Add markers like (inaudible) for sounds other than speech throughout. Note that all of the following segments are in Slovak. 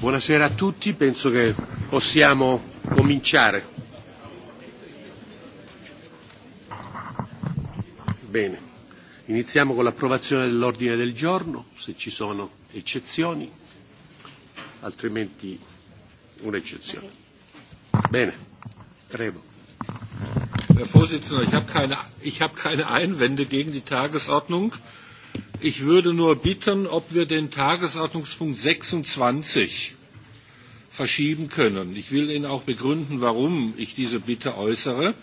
Buonasera a tutti, penso che possiamo cominciare. Bene, iniziamo con l'approvazione dell'ordine del giorno, se ci sono eccezioni, altrimenti un'eccezione. Bene, prego. Herr Vorsitzender, ich habe keine, hab keine Einwände gegen die Tagesordnung. Ich würde nur bitten, ob wir den Tagesordnungspunkt 26 verschieben können. Ich will Ihnen auch begründen, warum ich diese Bitte äußere.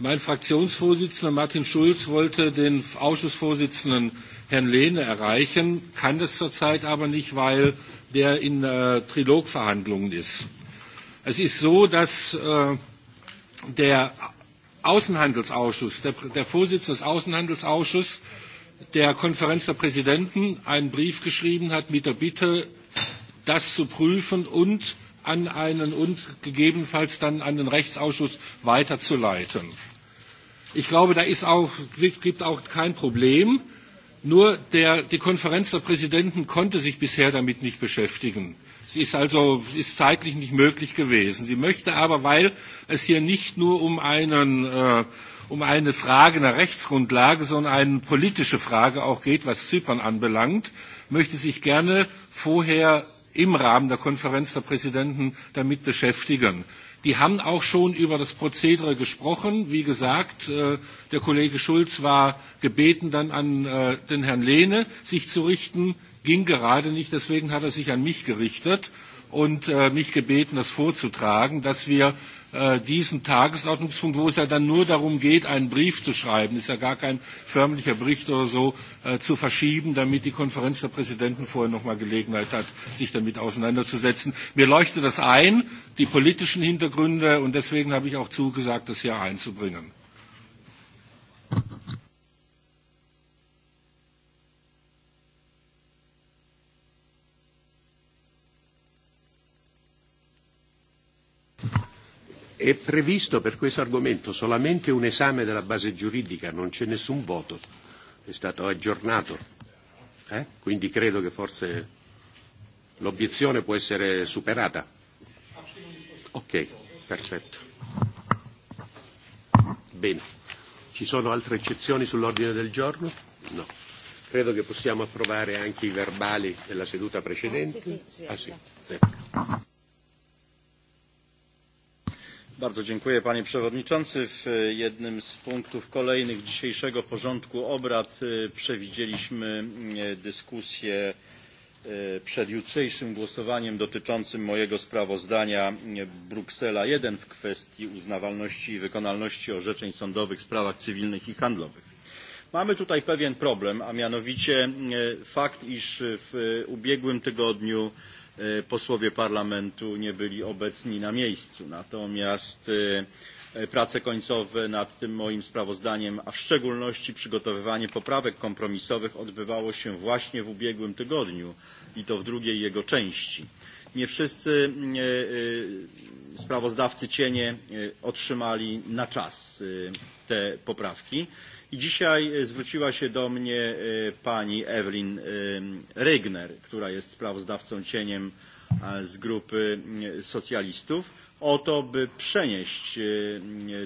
Mein Fraktionsvorsitzender Martin Schulz wollte den Ausschussvorsitzenden Herrn Lehne erreichen, kann das zurzeit aber nicht, weil der in äh, Trilogverhandlungen ist. Es ist so, dass äh, der Außenhandelsausschuss, der, der Vorsitzende des Außenhandelsausschusses der Konferenz der Präsidenten einen Brief geschrieben hat mit der Bitte, das zu prüfen und an einen und gegebenenfalls dann an den Rechtsausschuss weiterzuleiten. Ich glaube, da ist auch, gibt auch kein Problem. Nur der, die Konferenz der Präsidenten konnte sich bisher damit nicht beschäftigen. Es ist also ist zeitlich nicht möglich gewesen. Sie möchte aber, weil es hier nicht nur um einen äh, um eine Frage nach Rechtsgrundlage, sondern eine politische Frage auch geht, was Zypern anbelangt, möchte sich gerne vorher im Rahmen der Konferenz der Präsidenten damit beschäftigen. Die haben auch schon über das Prozedere gesprochen. Wie gesagt, äh, der Kollege Schulz war gebeten, dann an äh, den Herrn Lehne sich zu richten, ging gerade nicht, deswegen hat er sich an mich gerichtet und äh, mich gebeten, das vorzutragen, dass wir Äh, diesen Tagesordnungspunkt, wo es ja dann nur darum geht, einen Brief zu schreiben, ist ja gar kein förmlicher Bericht oder so, äh, zu verschieben, damit die Konferenz der Präsidenten vorher noch mal Gelegenheit hat, sich damit auseinanderzusetzen. Mir leuchtet das ein, die politischen Hintergründe, und deswegen habe ich auch zugesagt, das hier einzubringen. È previsto per questo argomento solamente un esame della base giuridica, non c'è nessun voto, è stato aggiornato. Eh? Quindi credo che forse l'obiezione può essere superata. Ok, perfetto. Bene. Ci sono altre eccezioni sull'ordine del giorno? No. Credo che possiamo approvare anche i verbali della seduta precedente. Ah, sì, sì, ah, sì. sì. Bardzo dziękuję panie przewodniczący. W e, jednym z punktów kolejnych dzisiejszego porządku obrad e, przewidzieliśmy e, dyskusję przed jutrzejszym głosowaniem dotyczącym mojego sprawozdania Bruksela I w kwestii uznawalności i wykonalności orzeczeń sądowych w sprawach cywilnych i handlowych. Mamy tutaj pewien problem, a mianowicie fakt, iż w ubiegłym tygodniu E, posłowie parlamentu nie byli obecni na miejscu. Natomiast e, e, prace końcowe nad tym moim sprawozdaniem, a w szczególności przygotowywanie poprawek kompromisowych odbywało się właśnie w ubiegłym tygodniu i to w drugiej jego części. Nie wszyscy sprawozdawcy cienie otrzymali na czas te poprawki. I dzisiaj e, zwróciła się do mnie e, pani Evelyn e, Regner, która jest sprawozdawcą cieniem z grupy socjalistów o to, by przenieść e,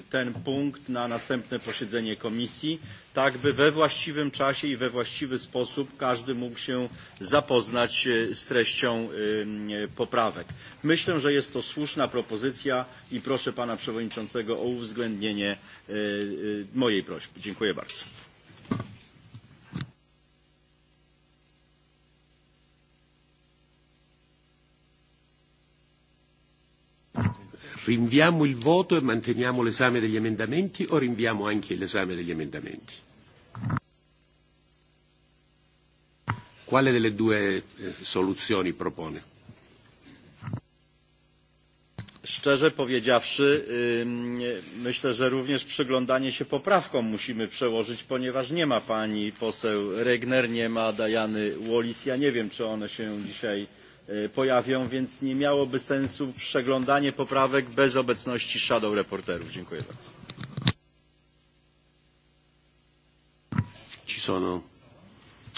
ten punkt na następne posiedzenie komisji, tak by we właściwym czasie i we właściwy sposób każdy mógł się zapoznać e, z treścią e, poprawek. Myślę, że jest to słuszna propozycja i proszę pana przewodniczącego o uwzględnienie mojej prośby. Dziękuję bardzo. rinviamo il voto e manteniamo l'esame degli emendamenti o rinviamo anche l'esame degli emendamenti? Quale delle due eh, soluzioni propone? Szczerze powiedziawszy, myślę, że również przyglądanie się poprawkom musimy przełożyć, ponieważ nie ma pani poseł Regner, nie ma Dajany Wallis. Ja nie wiem, czy one się dzisiaj E, pojawią, więc nie miałoby sensu przeglądanie poprawek bez obecności shadow reporterów. Dziękuję bardzo. Ci sono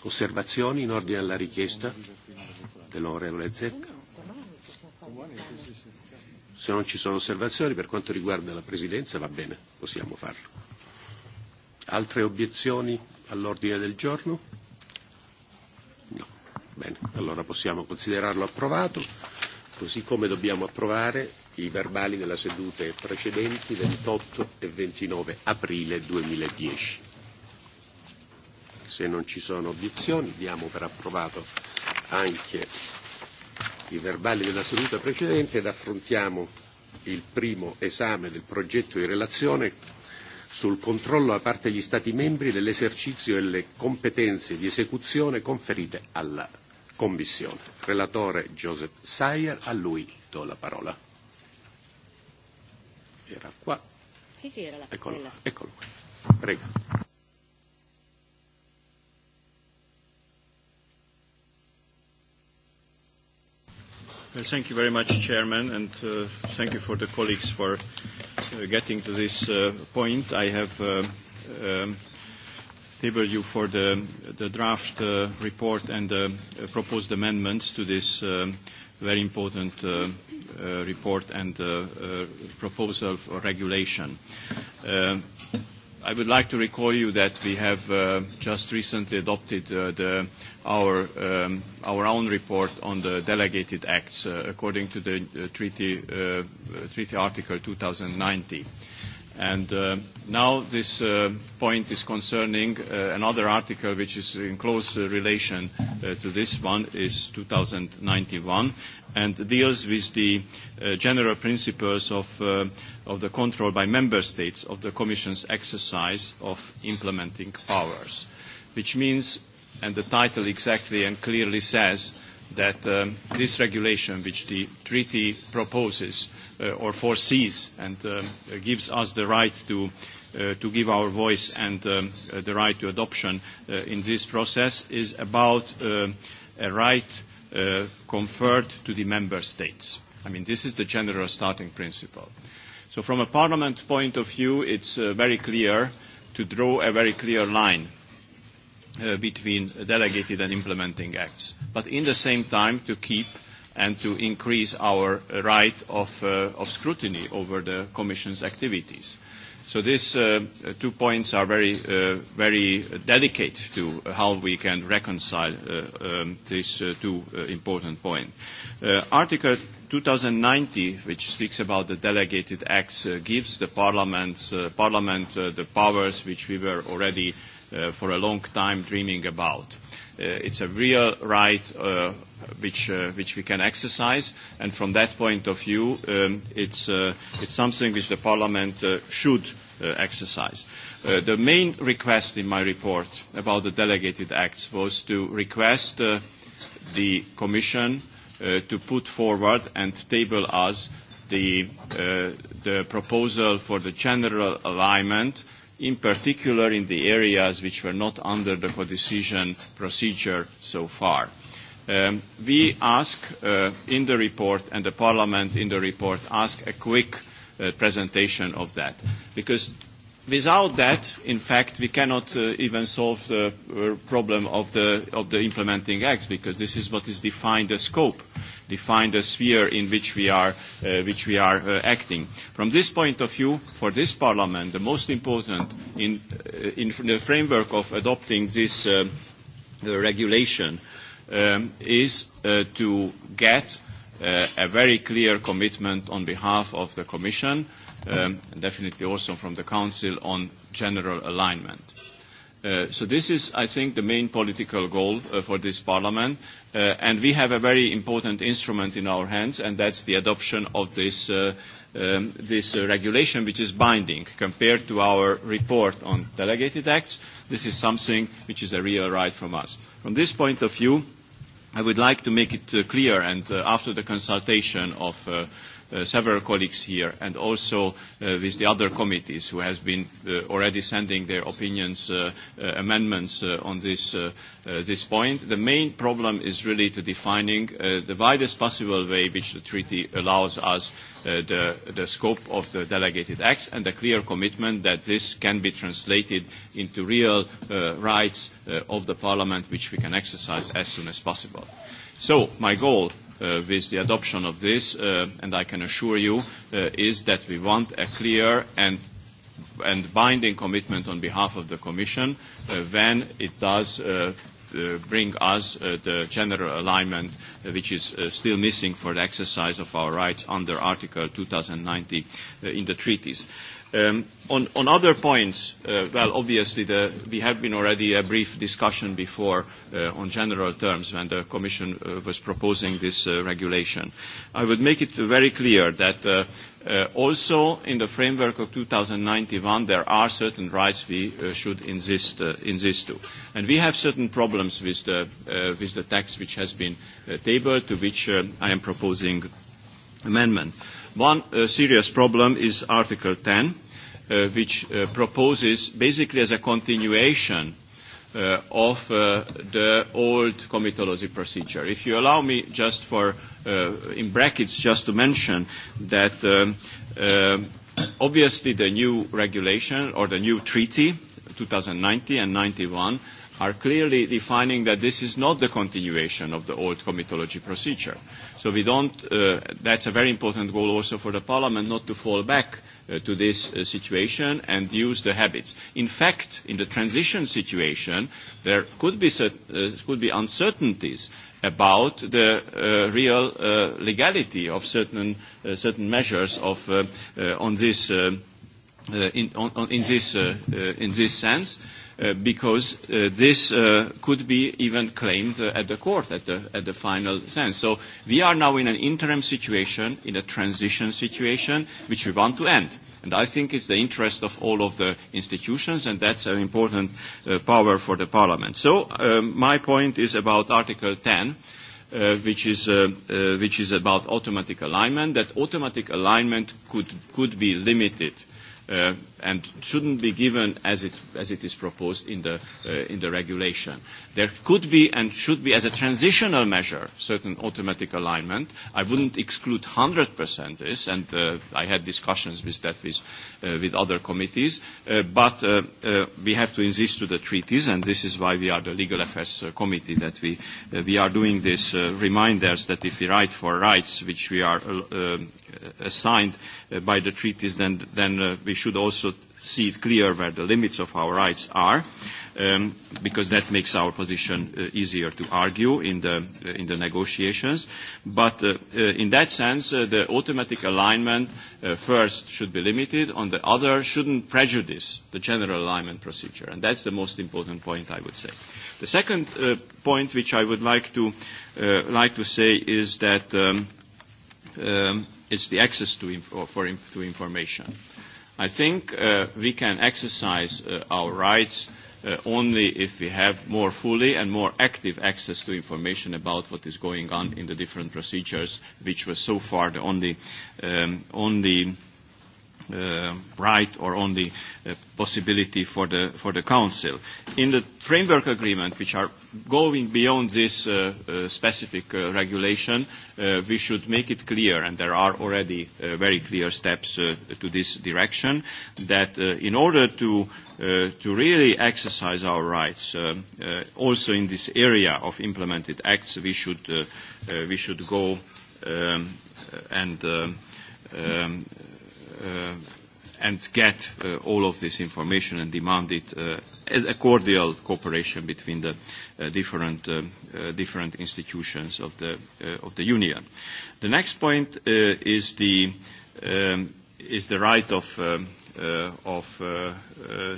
osservazioni in ordine alla richiesta dell'onorevole Zecca? Se non ci sono osservazioni per quanto riguarda la Presidenza va bene, possiamo farlo. Altre obiezioni all'ordine del giorno? Bene, allora possiamo considerarlo approvato, così come dobbiamo approvare i verbali della sedute precedenti 28 e 29 aprile 2010. Se non ci sono obiezioni diamo per approvato anche i verbali della seduta precedente ed affrontiamo il primo esame del progetto di relazione sul controllo da parte degli Stati membri dell'esercizio delle competenze di esecuzione conferite alla Commissione. Relatore Joseph Sayer, a lui do la parola. Era qua. Sì, sì, era la eccolo, eccolo qua. Prego. Thank you very much, Chairman, and uh, thank you for the colleagues for uh, getting to this uh, point. I have uh, um, table you for the, the draft uh, report and the uh, proposed amendments to this um, very important uh, uh, report and uh, uh, proposal for regulation. Uh, I would like to recall you that we have uh, just recently adopted uh, the, our, um, our own report on the delegated acts uh, according to the uh, treaty, uh, treaty Article 2090. And uh, now this uh, point is concerning uh, another article which is in close uh, relation uh, to this one, is 2091, and deals with the uh, general principles of, uh, of the control by member states of the Commission's exercise of implementing powers, which means, and the title exactly and clearly says, that um, this regulation, which the treaty proposes uh, or foresees and uh, gives us the right to, uh, to give our voice and um, uh, the right to adoption uh, in this process, is about uh, a right uh, conferred to the member states. I mean, this is the general starting principle. So from a parliament point of view, it's uh, very clear to draw a very clear line uh, between delegated and implementing acts, but in the same time to keep and to increase our right of, uh, of scrutiny over the Commission's activities. So these uh, two points are very, uh, very delicate to how we can reconcile uh, um, these uh, two uh, important points. Uh, Article 2090, which speaks about the delegated acts, uh, gives the Parliament, uh, Parliament uh, the powers which we were already uh, uh, for a long time dreaming about. Uh, it's a real right uh, which, uh, which we can exercise, and from that point of view, um, it's, uh, it's something which the Parliament uh, should uh, exercise. Uh, the main request in my report about the delegated acts was to request uh, the Commission uh, to put forward and table us the, uh, the proposal for the general alignment in particular in the areas which were not under the codecision procedure so far. Um, we ask uh, in the report, and the Parliament in the report, ask a quick uh, presentation of that, because without that, in fact, we cannot uh, even solve the uh, problem of the, of the implementing acts, because this is what is defined the scope. Uh, define the sphere in which we are, uh, which we are uh, acting. From this point of view, for this Parliament, the most important in, uh, in the framework of adopting this uh, regulation um, is uh, to get uh, a very clear commitment on behalf of the Commission, um, and definitely also from the Council on general alignment. Uh, so this is, I think, the main political goal uh, for this parliament, uh, and we have a very important instrument in our hands, and that's the adoption of this, uh, um, this uh, regulation, which is binding. Compared to our report on delegated acts, this is something which is a real right from us. From this point of view, I would like to make it uh, clear, and uh, after the consultation of uh, Uh, several colleagues here and also uh, with the other committees who have been uh, already sending their opinions, uh, uh, amendments uh, on this, uh, uh, this point. The main problem is really to defining uh, the widest possible way which the treaty allows us Uh, the, the scope of the delegated acts and the clear commitment that this can be translated into real uh, rights uh, of the parliament which we can exercise as soon as possible. So my goal uh, with the adoption of this, uh, and I can assure you, uh, is that we want a clear and and binding commitment on behalf of the Commission uh, when it does uh, uh, bring us uh, the general alignment uh, which is uh, still missing for the exercise of our rights under Article 2090 uh, in the treaties. Uh, Um, on, other points, uh, well, obviously, the, we have been already a brief discussion before uh, on general terms when the Commission uh, was proposing this uh, regulation. I would make it very clear that uh, uh, also in the framework of 2091, there are certain rights we uh, should insist, uh, insist to. And we have certain problems with the, uh, with the text which has been uh, tabled, to which uh, I am proposing amendment. One uh, serious problem is Article 10, uh, which uh, proposes basically as a continuation uh, of uh, the old comitology procedure. If you allow me just for, uh, in brackets, just to mention that um, uh, obviously the new regulation or the new treaty, 2090 and 91, are clearly defining that this is not the continuation of the old comitology procedure. So we don't, uh, that's a very important goal also for the Parliament not to fall back uh, to this uh, situation and use the habits. In fact, in the transition situation, there could be, uh, could be uncertainties about the uh, real uh, legality of certain, uh, certain measures of, uh, uh, on this, uh, uh, in, on, on, in, this, uh, uh, in this sense. Uh, because uh, this uh, could be even claimed uh, at the court at the, at the final sense. So we are now in an interim situation, in a transition situation, which we want to end. And I think it's the interest of all of the institutions, and that's an important uh, power for the Parliament. So um, my point is about Article 10. Uh, which is uh, uh, which is about automatic alignment. That automatic alignment could could be limited uh, and shouldn't be given as it, as it is proposed in the, uh, in the regulation. There could be and should be as a transitional measure certain automatic alignment. I wouldn't exclude 100% this, and uh, I had discussions with that with, uh, with other committees, uh, but uh, uh, we have to insist to the treaties, and this is why we are the Legal Affairs uh, Committee, that we, uh, we are doing this uh, reminders that if we write for rights which we are uh, uh assigned uh, by the treaties, then, then uh, we we should also see it clear where the limits of our rights are, um, because that makes our position uh, easier to argue in the, uh, in the negotiations. But uh, uh, in that sense, uh, the automatic alignment uh, first should be limited, on the other shouldn't prejudice the general alignment procedure. And that's the most important point, I would say. The second uh, point which I would like to, uh, like to say is that um, um, it's the access to, inf- or for, inf- to information. Uh, i think uh, we can exercise uh, our rights uh, only if we have more fully and more active access to information about what is going on in the different procedures, which was so far the only, um, only uh, right or only uh, possibility for the, for the Council. In the framework agreement, which are going beyond this uh, uh, specific uh, regulation, uh, we should make it clear, and there are already uh, very clear steps uh, to this direction, that uh, in order to, uh, to really exercise our rights, uh, uh, also in this area of implemented acts, we should, uh, uh, we should go um, and, uh, um, uh, and get uh, all of this information and demand it uh, as a cordial cooperation between the uh, different, uh, uh, different institutions of the, uh, of the Union. The next point uh, is, the, um, is the right of, uh, uh, of uh, uh,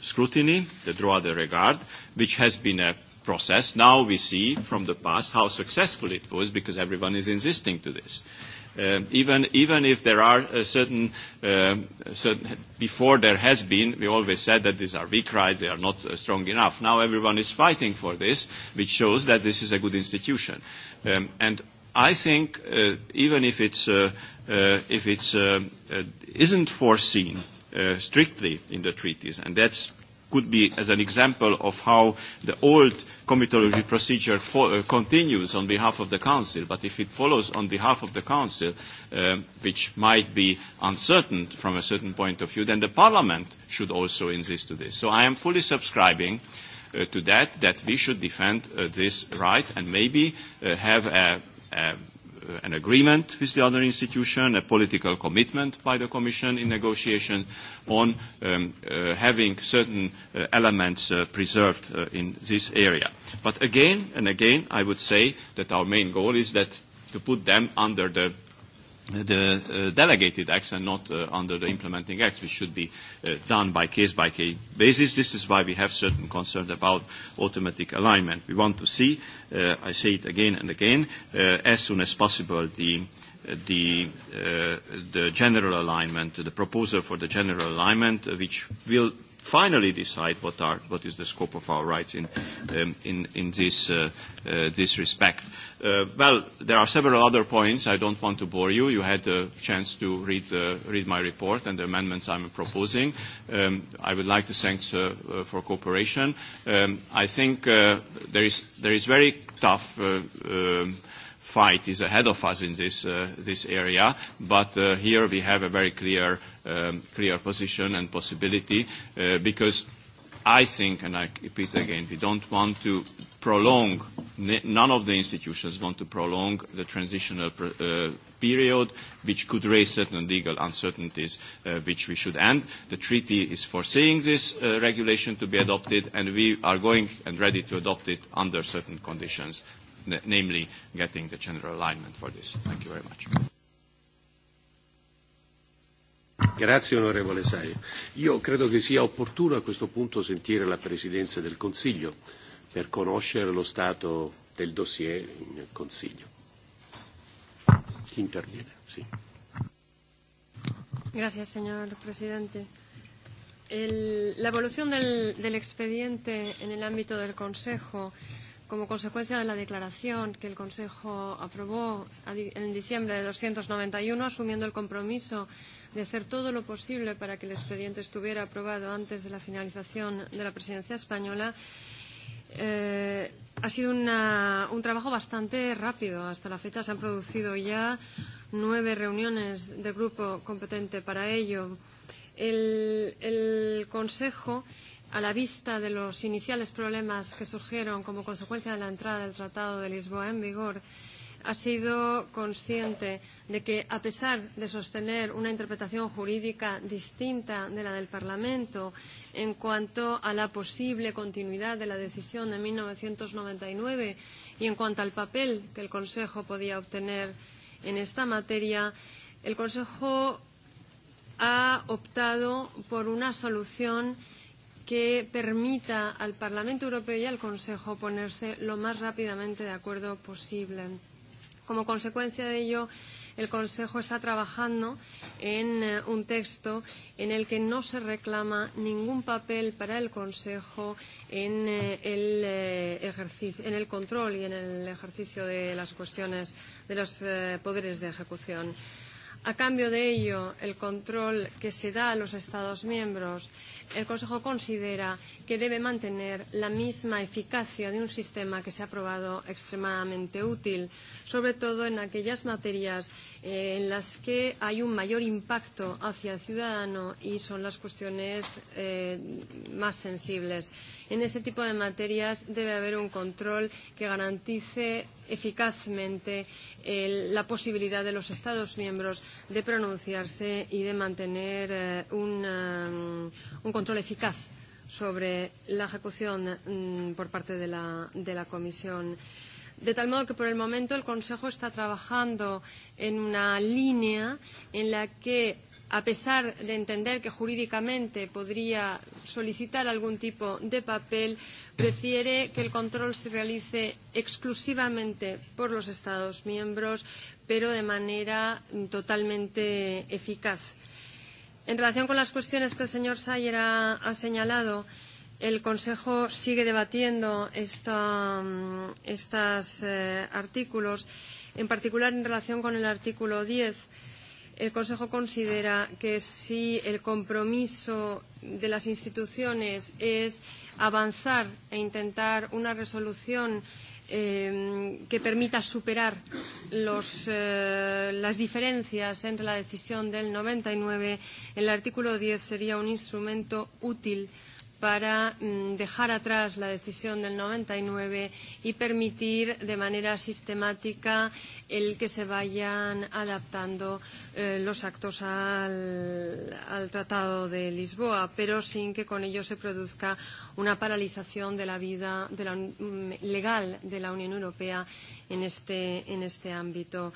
scrutiny, the droit de regard, which has been a process. Now we see from the past how successful it was because everyone is insisting to this. Uh, Uh, even, even if there are a uh, certain, um, certain, before there has been, we always said that these are weak rights, they are not uh, strong enough. Now everyone is fighting for this, which shows that this is a good institution. Um, and I think uh, even if it's, uh, uh, if it's, uh, uh, isn't foreseen uh, strictly in the treaties, and that's could be as an example of how the old comitology procedure fo- uh, continues on behalf of the Council. But if it follows on behalf of the Council, uh, which might be uncertain from a certain point of view, then the Parliament should also insist to this. So I am fully subscribing uh, to that, that we should defend uh, this right and maybe uh, have a, a Uh, an agreement with the other institution, a political commitment by the Commission in negotiation on um, uh, having certain uh, elements uh, preserved uh, in this area. But again and again, I would say that our main goal is that to put them under the the uh, delegated acts and not uh, under the implementing acts, which should be uh, done by case-by-case -case basis. This is why we have certain concerns about automatic alignment. We want to see, uh, I say it again and again, uh, as soon as possible the uh, the, uh, the general alignment, the proposal for the general alignment, uh, which will finally decide what, are, what is the scope of our rights in, um, in, in this, uh, uh, this respect. Uh, well, there are several other points. I don't want to bore you. You had a chance to read, uh, read my report and the amendments I'm proposing. Um, I would like to thank uh, uh, for cooperation. Um, I think uh, there, is, there is very tough uh, um, fight is ahead of us in this, uh, this area, but uh, here we have a very clear um, clear position and possibility uh, because I think, and I repeat again, we don't want to prolong, none of the institutions want to prolong the transitional uh, period, which could raise certain legal uncertainties, uh, which we should end. The treaty is foreseeing this uh, regulation to be adopted, and we are going and ready to adopt it under certain conditions, namely getting the general alignment for this. Thank you very much. Grazie onorevole Io credo che sia opportuno a questo punto sentire la Presidenza del Consiglio per conoscere lo stato del dossier in Consiglio. interviene? Sì. señor presidente. El, la evolución del, del expediente en el ámbito del Consejo como consecuencia de la declaración que el Consejo aprobó en diciembre de 291, asumiendo el compromiso de hacer todo lo posible para que el expediente estuviera aprobado antes de la finalización de la presidencia española. Eh, ha sido una, un trabajo bastante rápido. Hasta la fecha se han producido ya nueve reuniones de grupo competente para ello. El, el Consejo, a la vista de los iniciales problemas que surgieron como consecuencia de la entrada del Tratado de Lisboa en vigor, eh, ha sido consciente de que, a pesar de sostener una interpretación jurídica distinta de la del Parlamento en cuanto a la posible continuidad de la decisión de 1999 y en cuanto al papel que el Consejo podía obtener en esta materia, el Consejo ha optado por una solución que permita al Parlamento Europeo y al Consejo ponerse lo más rápidamente de acuerdo posible. Como consecuencia de ello, el Consejo está trabajando en eh, un texto en el que no se reclama ningún papel para el Consejo en, eh, el, eh, ejercicio, en el control y en el ejercicio de las cuestiones de los poderes de ejecución. A cambio de ello, el control que se da a los Estados miembros el Consejo considera que debe mantener la misma eficacia de un sistema que se ha probado extremadamente útil, sobre todo en aquellas materias eh, en las que hay un mayor impacto hacia el ciudadano y son las cuestiones eh, más sensibles. En ese tipo de materias debe haber un control que garantice eficazmente la posibilidad de los Estados miembros de pronunciarse y de mantener eh, un, um, un control control eficaz sobre la ejecución mmm, por parte de la, de la Comisión. De tal modo que por el momento el Consejo está trabajando en una línea en la que, a pesar de entender que jurídicamente podría solicitar algún tipo de papel, prefiere que el control se realice exclusivamente por los Estados miembros, pero de manera mm, totalmente eficaz En relación con las cuestiones que el señor Sayer ha, ha señalado, el Consejo sigue debatiendo estos mm, eh, artículos, en particular en relación con el artículo 10. El Consejo considera que si el compromiso de las instituciones es avanzar e intentar una resolución eh, que permita superar los, eh, las diferencias entre la decisión del 99. El artículo 10 sería un instrumento útil eh, para mm, dejar atrás la decisión del 99 y permitir de manera sistemática el que se vayan adaptando eh, los actos al, al Tratado de Lisboa, pero sin que con ello se produzca una paralización de la vida de la, mm, legal de la Unión Europea en este, en este ámbito.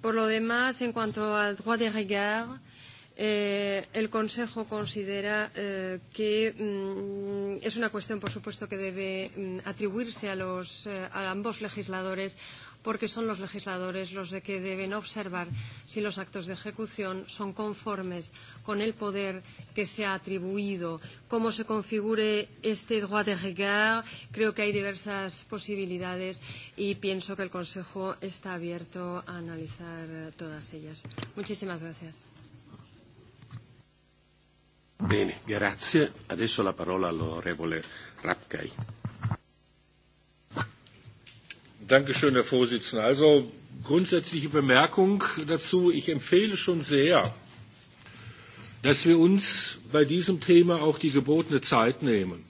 Por lo demás, en cuanto al droit de regard, Eh, el Consejo considera eh, que mm, es una cuestión, por supuesto, que debe mm, atribuirse a, los, eh, a ambos legisladores porque son los legisladores los de que deben observar si los actos de ejecución son conformes con el poder que se ha atribuido. Cómo se configure este droit de regard, creo que hay diversas posibilidades y pienso que el Consejo está abierto a analizar eh, todas ellas. Muchísimas gracias. Bene, grazie. Adesso la parola all'onorevole Dankeschön, Herr Vorsitzender. Also grundsätzliche Bemerkung dazu. Ich empfehle schon sehr, dass wir uns bei diesem Thema auch die gebotene Zeit nehmen.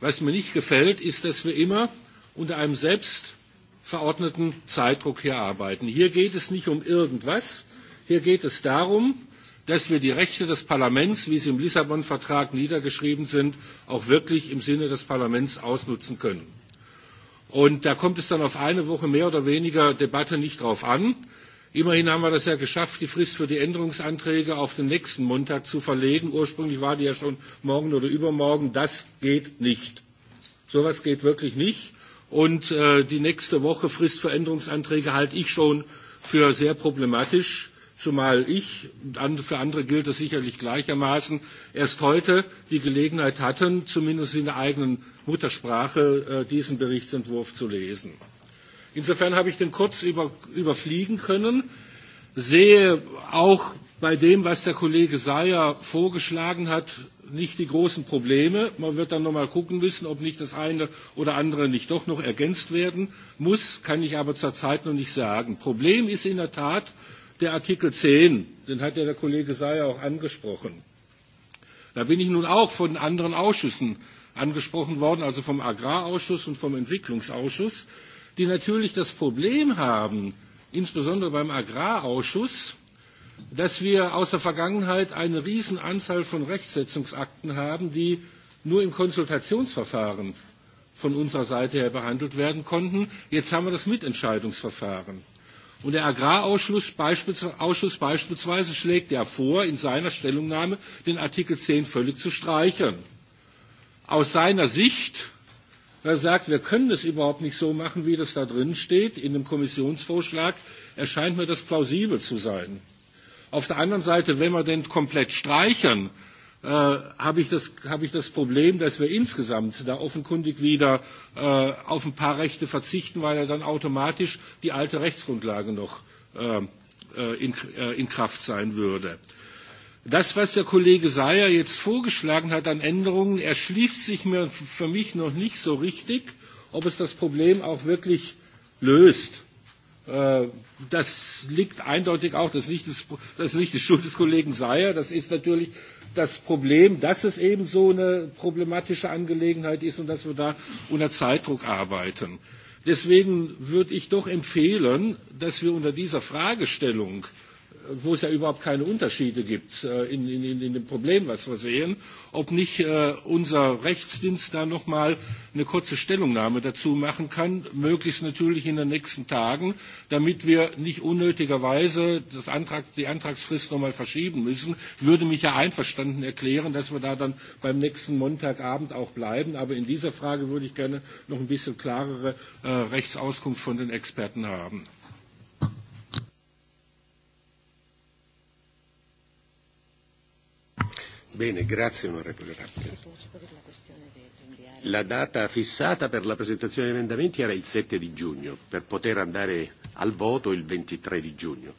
Was mir nicht gefällt, ist, dass wir immer unter einem selbst verordneten Zeitdruck hier arbeiten. Hier geht es nicht um irgendwas. Hier geht es darum, dass wir die Rechte des Parlaments, wie sie im Lissabon-Vertrag niedergeschrieben sind, auch wirklich im Sinne des Parlaments ausnutzen können. Und da kommt es dann auf eine Woche mehr oder weniger Debatte nicht drauf an. Immerhin haben wir das ja geschafft, die Frist für die Änderungsanträge auf den nächsten Montag zu verlegen. Ursprünglich war die ja schon morgen oder übermorgen. Das geht nicht. So etwas geht wirklich nicht. Und äh, die nächste Woche Frist für Änderungsanträge halte ich schon für sehr problematisch zumal ich und für andere gilt es sicherlich gleichermaßen erst heute die Gelegenheit hatten, zumindest in der eigenen Muttersprache äh, diesen Berichtsentwurf zu lesen. Insofern habe ich den kurz über, überfliegen können, sehe auch bei dem, was der Kollege Sayer vorgeschlagen hat, nicht die großen Probleme. Man wird dann noch mal gucken müssen, ob nicht das eine oder andere nicht doch noch ergänzt werden muss, kann ich aber zurzeit noch nicht sagen. Problem ist in der Tat, der Artikel 10, den hat ja der Kollege Seyer auch angesprochen. Da bin ich nun auch von anderen Ausschüssen angesprochen worden, also vom Agrarausschuss und vom Entwicklungsausschuss, die natürlich das Problem haben, insbesondere beim Agrarausschuss, dass wir aus der Vergangenheit eine Riesenanzahl von Rechtsetzungsakten haben, die nur im Konsultationsverfahren von unserer Seite her behandelt werden konnten. Jetzt haben wir das Mitentscheidungsverfahren. Und der Agrarausschuss beispielsweise, beispielsweise schlägt ja vor, in seiner Stellungnahme den Artikel zehn völlig zu streichen. Aus seiner Sicht, er sagt, wir können es überhaupt nicht so machen, wie das da drin steht, in dem Kommissionsvorschlag, erscheint mir das plausibel zu sein. Auf der anderen Seite, wenn wir den komplett streichen, Äh, habe ich, das, hab ich das Problem, dass wir insgesamt da offenkundig wieder äh, auf ein paar Rechte verzichten, weil er dann automatisch die alte Rechtsgrundlage noch ähm, äh, in, äh, in Kraft sein würde. Das, was der Kollege Seyer jetzt vorgeschlagen hat an Änderungen, erschließt sich mir für mich noch nicht so richtig, ob es das Problem auch wirklich löst. Äh, das liegt eindeutig auch, das nicht, das ist nicht die Schuld des Kollegen Seyer, das ist natürlich das Problem, dass es eben so eine problematische Angelegenheit ist und dass wir da unter Zeitdruck arbeiten. Deswegen würde ich doch empfehlen, dass wir unter dieser Fragestellung wo es ja überhaupt keine Unterschiede gibt äh, in, in, in dem Problem, was wir sehen, ob nicht äh, unser Rechtsdienst da noch mal eine kurze Stellungnahme dazu machen kann, möglichst natürlich in den nächsten Tagen, damit wir nicht unnötigerweise das Antrag, die Antragsfrist noch mal verschieben müssen. Ich würde mich ja einverstanden erklären, dass wir da dann beim nächsten Montagabend auch bleiben. Aber in dieser Frage würde ich gerne noch ein bisschen klarere äh, Rechtsauskunft von den Experten haben. Bene, grazie onorevole Rappel. La data fissata per la presentazione degli emendamenti era il 7 di giugno, per poter andare al voto il 23 di giugno.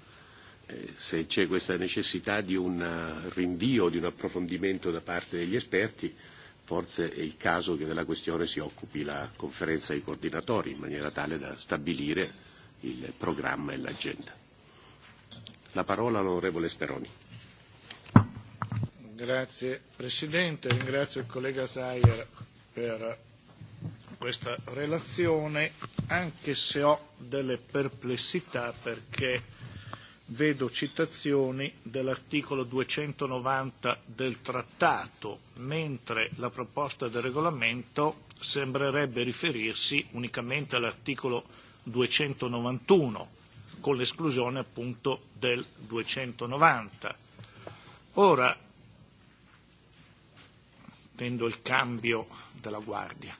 Eh, se c'è questa necessità di un eh, rinvio, di un approfondimento da parte degli esperti, forse è il caso che della questione si occupi la conferenza dei coordinatori, in maniera tale da stabilire il programma e l'agenda. La parola all'onorevole Speroni. Grazie Presidente, ringrazio il collega Sayer per questa relazione, anche se ho delle perplessità perché vedo citazioni dell'articolo 290 del trattato, mentre la proposta del regolamento sembrerebbe riferirsi unicamente all'articolo 291, con l'esclusione appunto del 290. Ora, intendo il cambio della guardia.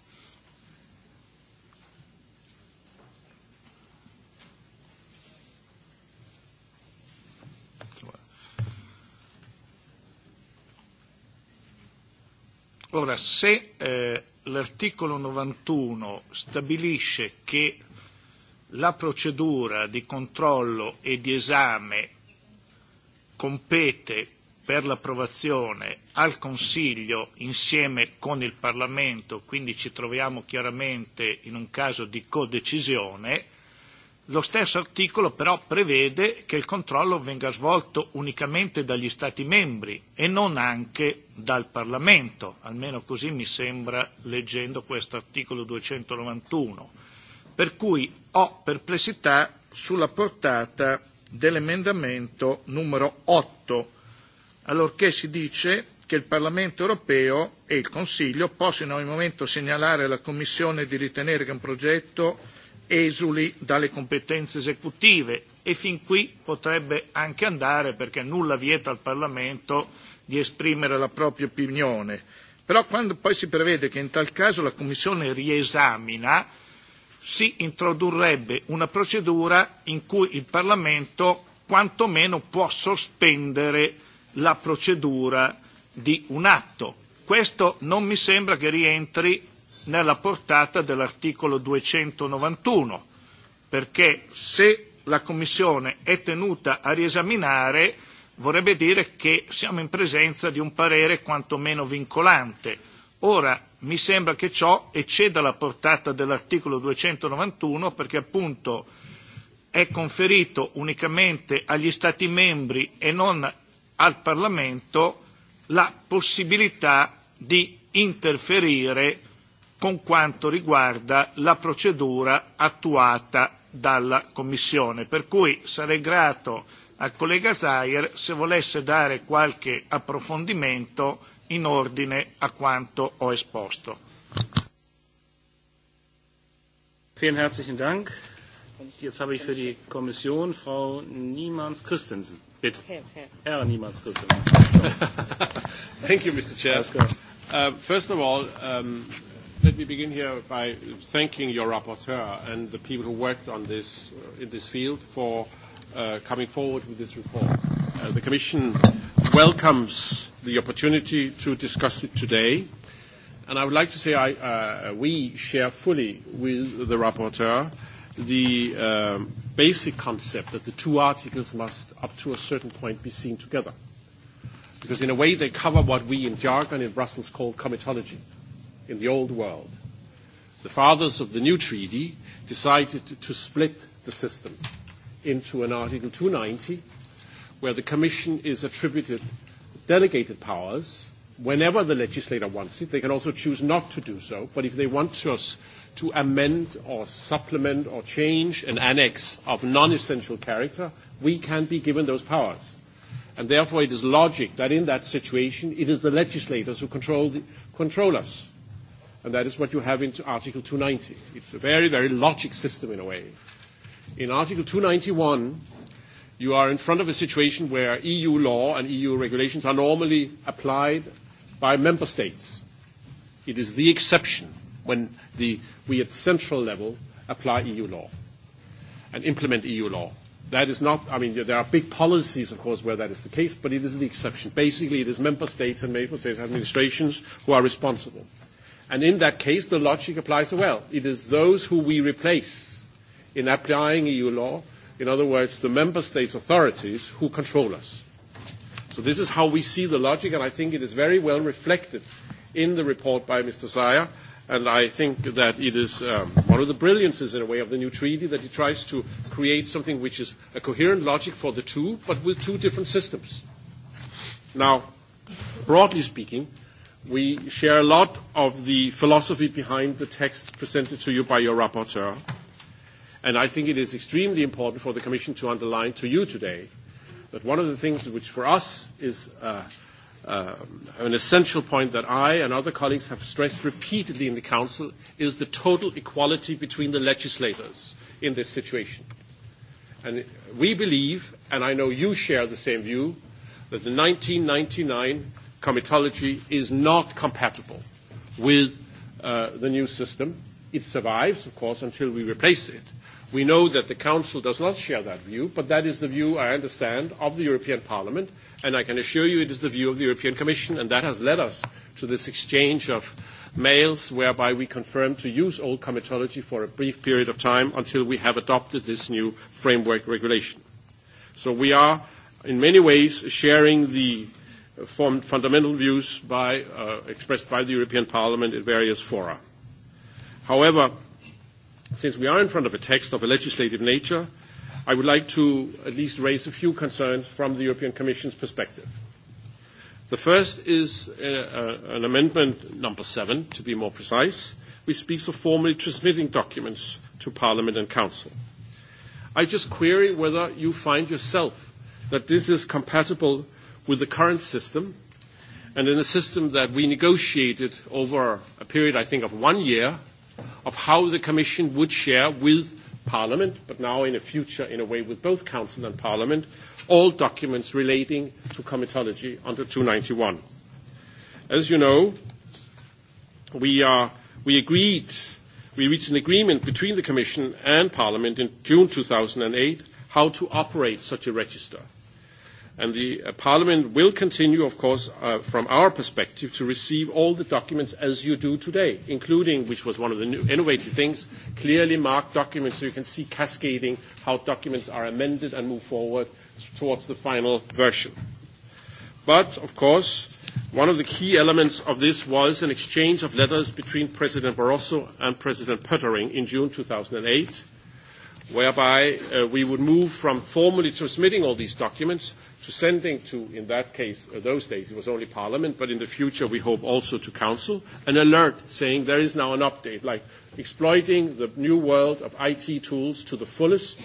Ora, se eh, l'articolo 91 stabilisce che la procedura di controllo e di esame compete per l'approvazione al Consiglio insieme con il Parlamento, quindi ci troviamo chiaramente in un caso di codecisione, lo stesso articolo però prevede che il controllo venga svolto unicamente dagli Stati membri e non anche dal Parlamento, almeno così mi sembra leggendo questo articolo 291, per cui ho perplessità sulla portata dell'emendamento numero 8 allorché si dice che il Parlamento europeo e il Consiglio possono in ogni momento segnalare alla Commissione di ritenere che un progetto esuli dalle competenze esecutive e fin qui potrebbe anche andare perché nulla vieta al Parlamento di esprimere la propria opinione. Però quando poi si prevede che in tal caso la Commissione riesamina, si introdurrebbe una procedura in cui il Parlamento quantomeno può sospendere la procedura di un atto. Questo non mi sembra che rientri nella portata dell'articolo 291, perché se la Commissione è tenuta a riesaminare vorrebbe dire che siamo in presenza di un parere quantomeno vincolante. Ora, mi sembra che ciò ecceda la portata dell'articolo 291 perché appunto è conferito unicamente agli Stati membri e non al Parlamento la possibilità di interferire con quanto riguarda la procedura attuata dalla Commissione. Per cui sarei grato al collega Zayer se volesse dare qualche approfondimento in ordine a quanto ho esposto. Vielen herzlichen Dank. Jetzt habe ich für die Kommission Frau Niemanns-Christensen. Bitte. Herr Niemals, (laughs) Thank you, Mr. Chair. Uh, first of all, um, let me begin here by thanking your rapporteur and the people who worked on this uh, in this field for uh, coming forward with this report. Uh, the Commission welcomes the opportunity to discuss it today. And I would like to say I, uh, we share fully with the rapporteur the um, basic concept that the two articles must, up to a certain point, be seen together. Because in a way, they cover what we in jargon in Brussels call comitology in the old world. The fathers of the new treaty decided to split the system into an Article 290 where the Commission is attributed delegated powers whenever the legislator wants it. They can also choose not to do so, but if they want to us to amend or supplement or change an annex of non-essential character, we can be given those powers. And therefore, it is logic that in that situation, it is the legislators who control, the, control us. And that is what you have in Article 290. It's a very, very logic system in a way. In Article 291, you are in front of a situation where EU law and EU regulations are normally applied by member states. It is the exception when the, we at central level apply EU law and implement EU law. That is not, I mean, there are big policies, of course, where that is the case, but it is the exception. Basically, it is member states and member states administrations who are responsible. And in that case, the logic applies well. It is those who we replace in applying EU law, in other words, the member states' authorities who control us. So this is how we see the logic, and I think it is very well reflected in the report by Mr. Zaya And I think that it is um, one of the brilliances, in a way, of the new treaty that it tries to create something which is a coherent logic for the two, but with two different systems. Now, broadly speaking, we share a lot of the philosophy behind the text presented to you by your rapporteur. And I think it is extremely important for the Commission to underline to you today that one of the things which for us is uh, Uh, an essential point that I and other colleagues have stressed repeatedly in the Council is the total equality between the legislators in this situation. And we believe, and I know you share the same view, that the 1999 comitology is not compatible with uh, the new system. It survives, of course, until we replace it. We know that the Council does not share that view, but that is the view, I understand, of the European Parliament, And I can assure you it is the view of the European Commission, and that has led us to this exchange of mails whereby we confirm to use old comitology for a brief period of time until we have adopted this new framework regulation. So we are, in many ways, sharing the fundamental views by, uh, expressed by the European Parliament in various fora. However, since we are in front of a text of a legislative nature, i would like to at least raise a few concerns from the European Commission's perspective. The first is uh, uh, an amendment number seven, to be more precise, which speaks of formally transmitting documents to Parliament and Council. I just query whether you find yourself that this is compatible with the current system and in a system that we negotiated over a period, I think, of one year of how the Commission would share with Parliament, but now in the future in a way with both Council and Parliament, all documents relating to comitology under 291. As you know, we, are, we agreed, we reached an agreement between the Commission and Parliament in June 2008 how to operate such a register – And the uh, Parliament will continue, of course, uh, from our perspective, to receive all the documents as you do today, including, which was one of the new innovative things, clearly marked documents so you can see cascading how documents are amended and move forward towards the final version. But, of course, one of the key elements of this was an exchange of letters between President Barroso and President Pettering in June 2008, whereby uh, we would move from formally transmitting all these documents to sending to, in that case, uh, those days, it was only Parliament, but in the future we hope also to Council, an alert saying there is now an update, like exploiting the new world of IT tools to the fullest.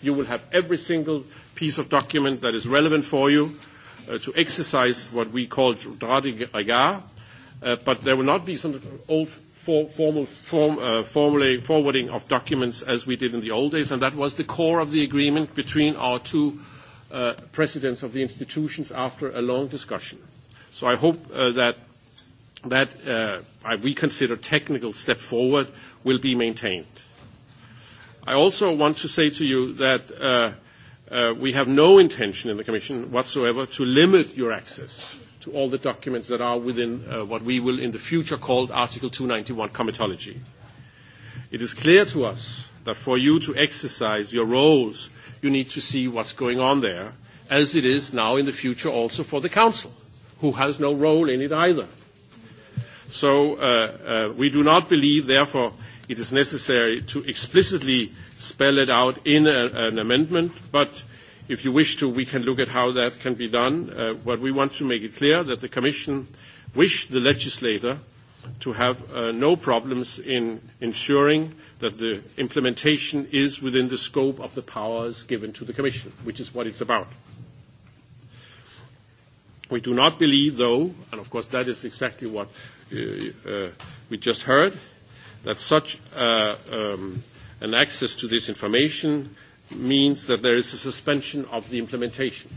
You will have every single piece of document that is relevant for you uh, to exercise what we call droit de regard, uh, but there will not be some old for, formal form, uh, formally forwarding of documents as we did in the old days, and that was the core of the agreement between our two uh, presidents of the institutions after a long discussion. So I hope uh, that that uh, we consider technical step forward will be maintained. I also want to say to you that uh, uh, we have no intention in the Commission whatsoever to limit your access to all the documents that are within uh, what we will in the future call Article 291 comitology. It is clear to us that for you to exercise your roles you need to see what's going on there, as it is now in the future also for the Council, who has no role in it either. So uh, uh, we do not believe, therefore, it is necessary to explicitly spell it out in a, an amendment, but if you wish to, we can look at how that can be done. Uh, but we want to make it clear that the Commission wish the legislator to have uh, no problems in ensuring that the implementation is within the scope of the powers given to the Commission, which is what it's about. We do not believe, though, and of course that is exactly what uh, uh, we just heard, that such uh, um, an access to this information means that there is a suspension of the implementation.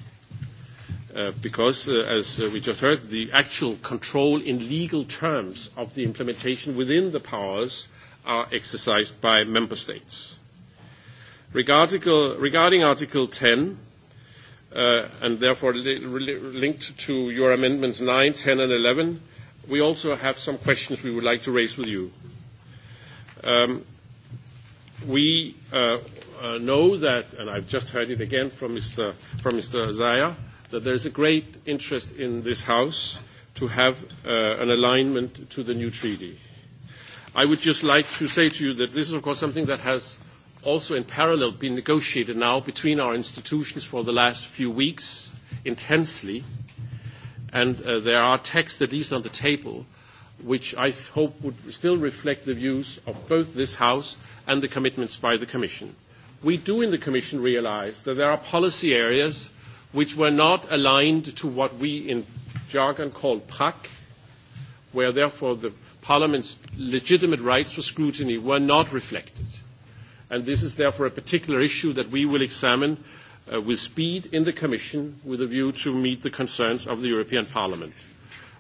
Uh, because, uh, as uh, we just heard, the actual control in legal terms of the implementation within the powers are exercised by member states. Regarding Article 10, uh, and therefore li linked to your amendments 9, 10, and 11, we also have some questions we would like to raise with you. Um, we uh, uh, know that, and I've just heard it again from Mr. from Mr. Zaya, that is a great interest in this House to have uh, an alignment to the new treaty. I would just like to say to you that this is, of course, something that has also in parallel been negotiated now between our institutions for the last few weeks intensely. And uh, there are texts, at least on the table, which I hope would still reflect the views of both this House and the commitments by the Commission. We do in the Commission realise that there are policy areas which were not aligned to what we in jargon call PAC, where therefore the Parliament's legitimate rights for scrutiny were not reflected. And this is therefore a particular issue that we will examine uh, with speed in the Commission with a view to meet the concerns of the European Parliament.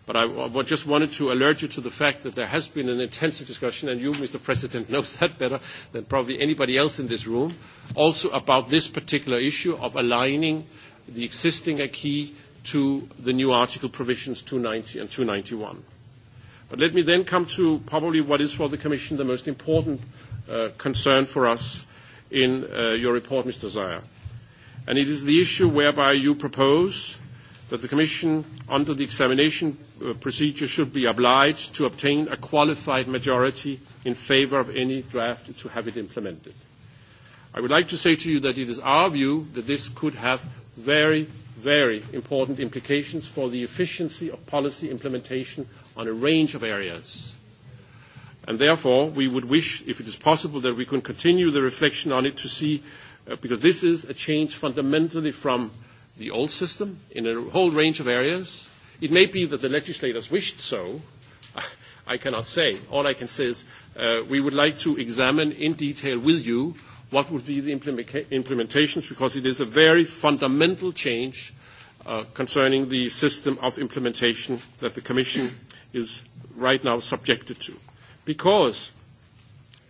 But I, just wanted to alert you to the fact that there has been an intensive discussion, and you, Mr. President, (laughs) knows that better than probably anybody else in this room, also about this particular issue of aligning the existing acquis to the new article provisions 290 and 291. But let me then come to probably what is for the Commission the most important uh, concern for us in uh, your report, Mr. Zaya. And it is the issue whereby you propose that the Commission, under the examination uh, procedure, should be obliged to obtain a qualified majority in favour of any draft to have it implemented. I would like to say to you that it is our view that this could have very, very important implications for the efficiency of policy implementation on a range of areas. And therefore, we would wish, if it is possible, that we can continue the reflection on it to see, uh, because this is a change fundamentally from the old system in a whole range of areas. It may be that the legislators wished so. (laughs) I cannot say. All I can say is uh, we would like to examine in detail with you what would be the implementations, because it is a very fundamental change uh, concerning the system of implementation that the Commission is right now subjected to. Because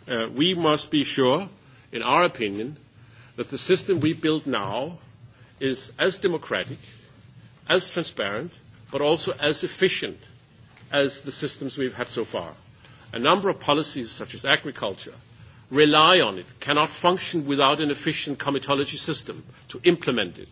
uh, we must be sure, in our opinion, that the system we build now is as democratic, as transparent, but also as efficient as the systems we've had so far. A number of policies, such as agriculture, rely on it, cannot function without an efficient comitology system to implement it.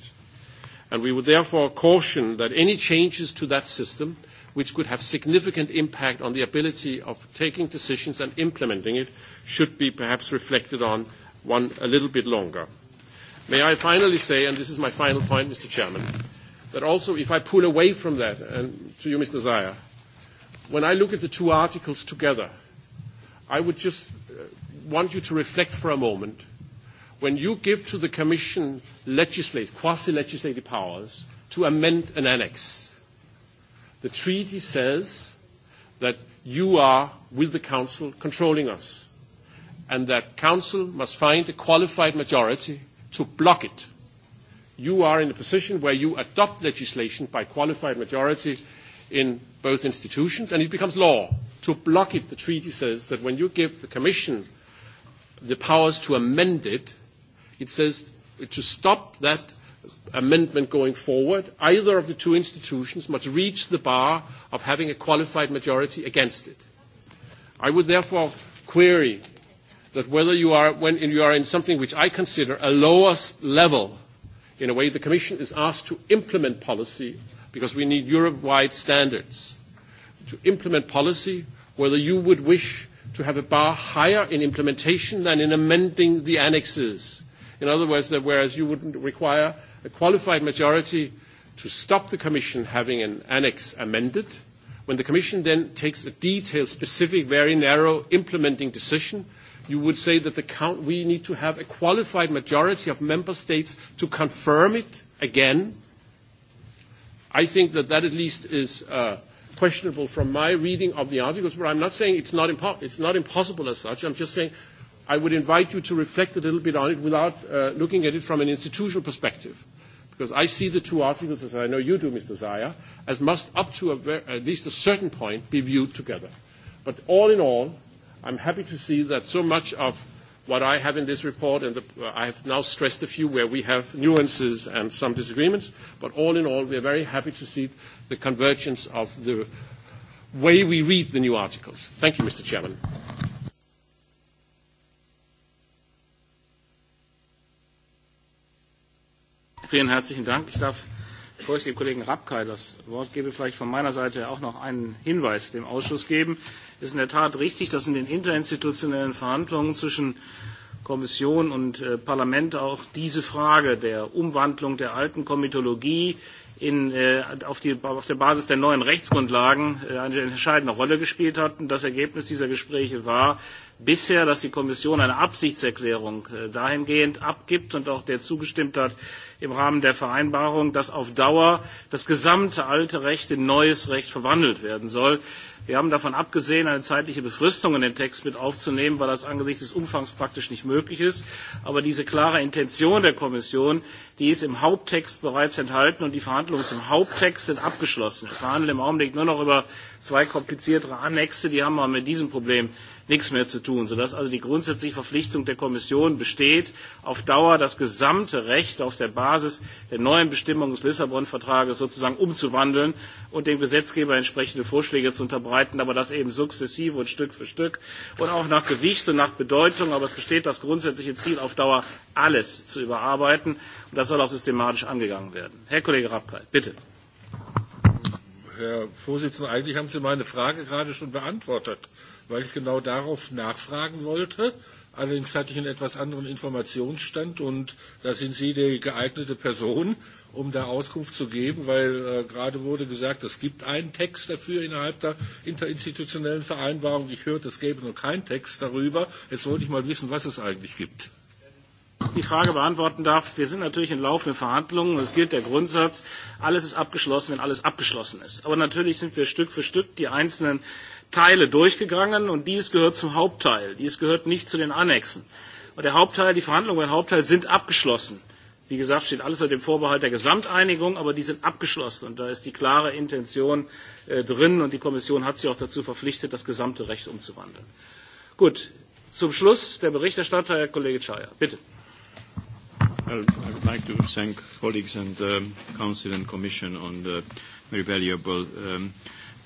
And we would therefore caution that any changes to that system which could have significant impact on the ability of taking decisions and implementing it, should be perhaps reflected on one a little bit longer. May I finally say, and this is my final point, Mr. Chairman, that also if I pull away from that, and to you, Mr. Zaya, when I look at the two articles together, I would just uh, want you to reflect for a moment. When you give to the Commission legislative quasi-legislative powers to amend an annex, The treaty says that you are, with the Council, controlling us, and that Council must find a qualified majority to block it. You are in a position where you adopt legislation by qualified majority in both institutions, and it becomes law. To block it, the treaty says that when you give the Commission the powers to amend it, it says to stop that amendment going forward, either of the two institutions must reach the bar of having a qualified majority against it. I would therefore query that whether you are, when you are in something which I consider a lowest level, in a way the Commission is asked to implement policy, because we need Europe-wide standards, to implement policy, whether you would wish to have a bar higher in implementation than in amending the annexes. In other words, that whereas you would require a qualified majority to stop the Commission having an annex amended. When the Commission then takes a detailed, specific, very narrow implementing decision, you would say that the count, we need to have a qualified majority of member states to confirm it again. I think that that at least is uh, questionable from my reading of the articles, but I'm not saying it's not, impo- it's not impossible as such. I'm just saying I would invite you to reflect a little bit on it without uh, looking at it from an institutional perspective. Because I see the two articles, as I know you do, Mr. Zaya, as must, up to a, at least a certain point, be viewed together. But all in all, I'm happy to see that so much of what I have in this report, and the, uh, I have now stressed a few where we have nuances and some disagreements, but all in all, we are very happy to see the convergence of the way we read the new articles. Thank you, Mr. Chairman. Vielen herzlichen Dank. Ich darf, bevor ich dem Kollegen Rapkay das Wort gebe, vielleicht von meiner Seite auch noch einen Hinweis dem Ausschuss geben. Es ist in der Tat richtig, dass in den interinstitutionellen Verhandlungen zwischen Kommission und äh, Parlament auch diese Frage der Umwandlung der alten Komitologie in, äh, auf, die, auf der Basis der neuen Rechtsgrundlagen äh, eine entscheidende Rolle gespielt hat. Und das Ergebnis dieser Gespräche war, bisher, dass die Kommission eine Absichtserklärung äh, dahingehend abgibt und auch der zugestimmt hat im Rahmen der Vereinbarung, dass auf Dauer das gesamte alte Recht in neues Recht verwandelt werden soll. Wir haben davon abgesehen, eine zeitliche Befristung in den Text mit aufzunehmen, weil das angesichts des Umfangs praktisch nicht möglich ist. Aber diese klare Intention der Kommission, die ist im Haupttext bereits enthalten und die Verhandlungen zum Haupttext sind abgeschlossen. Wir verhandeln im Augenblick nur noch über zwei kompliziertere Anhänge, die haben wir mit diesem Problem nichts mehr zu tun, sodass also die grundsätzliche Verpflichtung der Kommission besteht, auf Dauer das gesamte Recht auf der Basis der neuen Bestimmungen des Lissabon-Vertrages sozusagen umzuwandeln und dem Gesetzgeber entsprechende Vorschläge zu unterbreiten, aber das eben sukzessive und Stück für Stück und auch nach Gewicht und nach Bedeutung. Aber es besteht das grundsätzliche Ziel, auf Dauer alles zu überarbeiten und das soll auch systematisch angegangen werden. Herr Kollege Rapkay, bitte. Herr Vorsitzender, eigentlich haben Sie meine Frage gerade schon beantwortet weil ich genau darauf nachfragen wollte. Allerdings hatte ich einen etwas anderen Informationsstand und da sind Sie die geeignete Person, um da Auskunft zu geben, weil äh, gerade wurde gesagt, es gibt einen Text dafür innerhalb der interinstitutionellen Vereinbarung. Ich hörte, es gäbe noch keinen Text darüber. Jetzt wollte ich mal wissen, was es eigentlich gibt die Frage beantworten darf. Wir sind natürlich in laufenden Verhandlungen. Es gilt der Grundsatz, alles ist abgeschlossen, wenn alles abgeschlossen ist. Aber natürlich sind wir Stück für Stück die einzelnen Teile durchgegangen und dies gehört zum Hauptteil. Dies gehört nicht zu den Annexen. Und der Hauptteil, die Verhandlungen über den Hauptteil sind abgeschlossen. Wie gesagt, steht alles unter dem Vorbehalt der Gesamteinigung, aber die sind abgeschlossen und da ist die klare Intention äh, drin und die Kommission hat sich auch dazu verpflichtet, das gesamte Recht umzuwandeln. Gut, zum Schluss der Berichterstatter, Herr Kollege Czaja, bitte. I would like to thank colleagues and the um, Council and Commission on the very valuable um,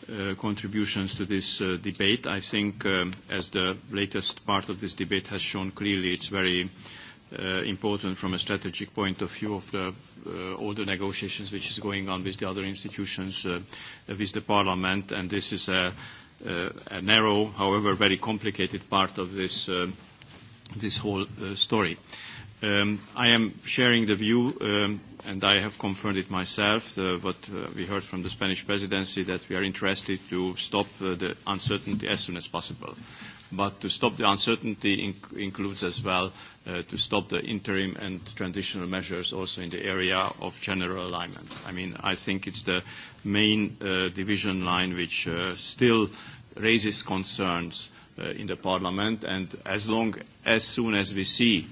Uh, contributions to this uh, debate. I think, um, as the latest part of this debate has shown clearly, it's very uh, important from a strategic point of view of the, uh, all the negotiations which is going on with the other institutions, uh, with the Parliament, and this is a, uh, a narrow, however very complicated part of this, uh, this whole uh, story. Uh, Um, I am sharing the view, um, and I have confirmed it myself, uh, what uh, we heard from the Spanish presidency, that we are interested to stop uh, the uncertainty as soon as possible. But to stop the uncertainty includes as well uh, to stop the interim and transitional measures also in the area of general alignment. I mean, I think it's the main uh, division line which uh, still raises concerns uh, in the parliament, and as long as soon as we see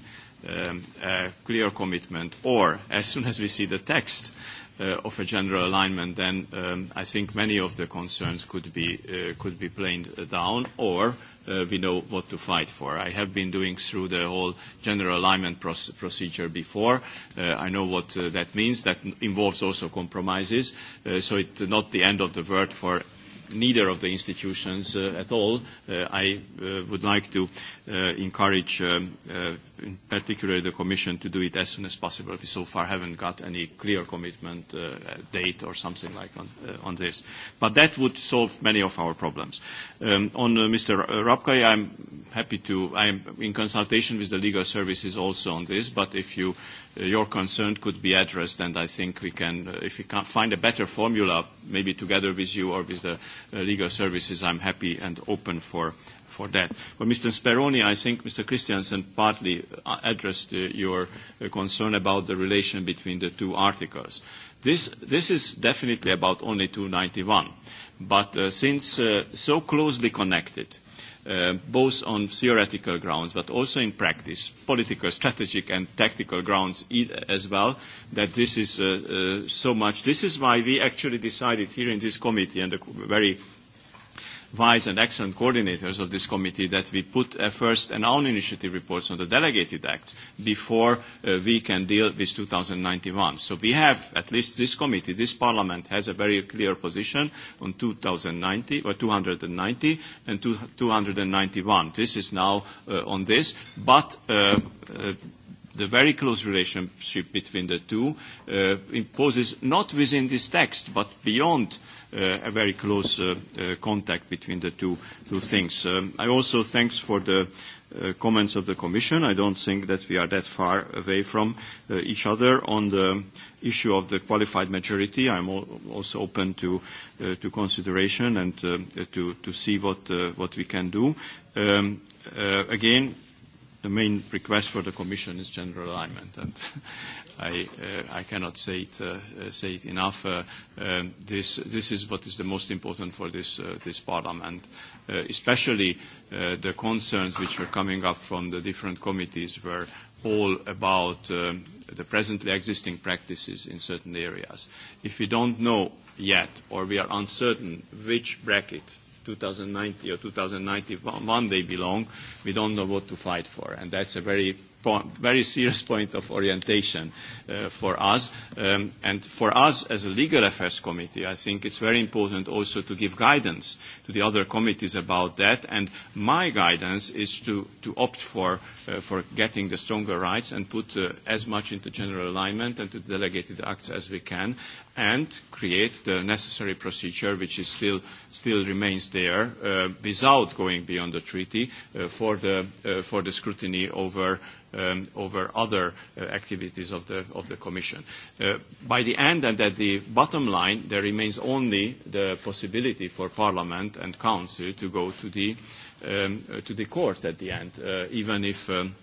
um, a clear commitment, or as soon as we see the text uh, of a general alignment, then um, I think many of the concerns could be, uh, could be planed down, or uh, we know what to fight for. I have been doing through the whole general alignment proce procedure before. Uh, I know what uh, that means. That involves also compromises. Uh, so it's not the end of the world for neither of the institutions uh, at all. Uh, I uh, would like to uh, encourage, um, uh, in particular, the Commission to do it as soon as possible. We so far haven't got any clear commitment uh, date or something like on, uh, on this. But that would solve many of our problems. Um, on uh, Mr. Rapkay, I'm happy to, I'm in consultation with the legal services also on this, but if you, uh, your concern could be addressed, and I think we can, uh, if we can find a better formula, maybe together with you or with the uh, legal services, I'm happy and open for for that. For Mr. Speroni, I think Mr. Christiansen partly uh, addressed uh, your uh, concern about the relation between the two articles. This, this is definitely about only 291, but uh, since uh, so closely connected, uh, both on theoretical grounds but also in practice, political, strategic and tactical grounds e, as well, that this is uh, uh, so much. This is why we actually decided here in this committee and the very vice and excellent coordinators of this committee that we put a uh, first an own initiative reports on the delegated acts before uh, we can deal with 2091. So we have, at least this committee, this parliament has a very clear position on 2090 or 290 and 291. This is now uh, on this, but uh, uh, the very close relationship between the two uh, imposes not within this text but beyond Uh, a very close uh, uh, contact between the two, two things. Um, I also thanks for the uh, comments of the Commission. I don't think that we are that far away from each other on the issue of the qualified majority. I'm also open to, consideration and to, to see what, we can do. Um, again, the main request for the Commission is general alignment. And (laughs) I, uh, I cannot say it, uh, uh, say it enough. Uh, um, this, this is what is the most important for this, uh, this parliament, uh, especially uh, the concerns which were coming up from the different committees were all about um, the presently existing practices in certain areas. If we don't know yet, or we are uncertain which bracket 2090 or 2091 they belong, we don't know what to fight for. And that's a very point, very serious point of orientation uh, for us. Um, and for us as a legal affairs committee, I think it's very important also to give guidance to the other committees about that. And my guidance is to, to opt for, uh, for getting the stronger rights and put uh, as much into general alignment and to delegated acts as we can and create the necessary procedure which is still, still remains there uh, without going beyond the treaty uh, for, the, uh, for the scrutiny over um, over other uh, activities of the, of the Commission. Uh, by the end and at the bottom line, there remains only the possibility for Parliament and Council to go to the, um, uh, to the court at the end, uh, even if um,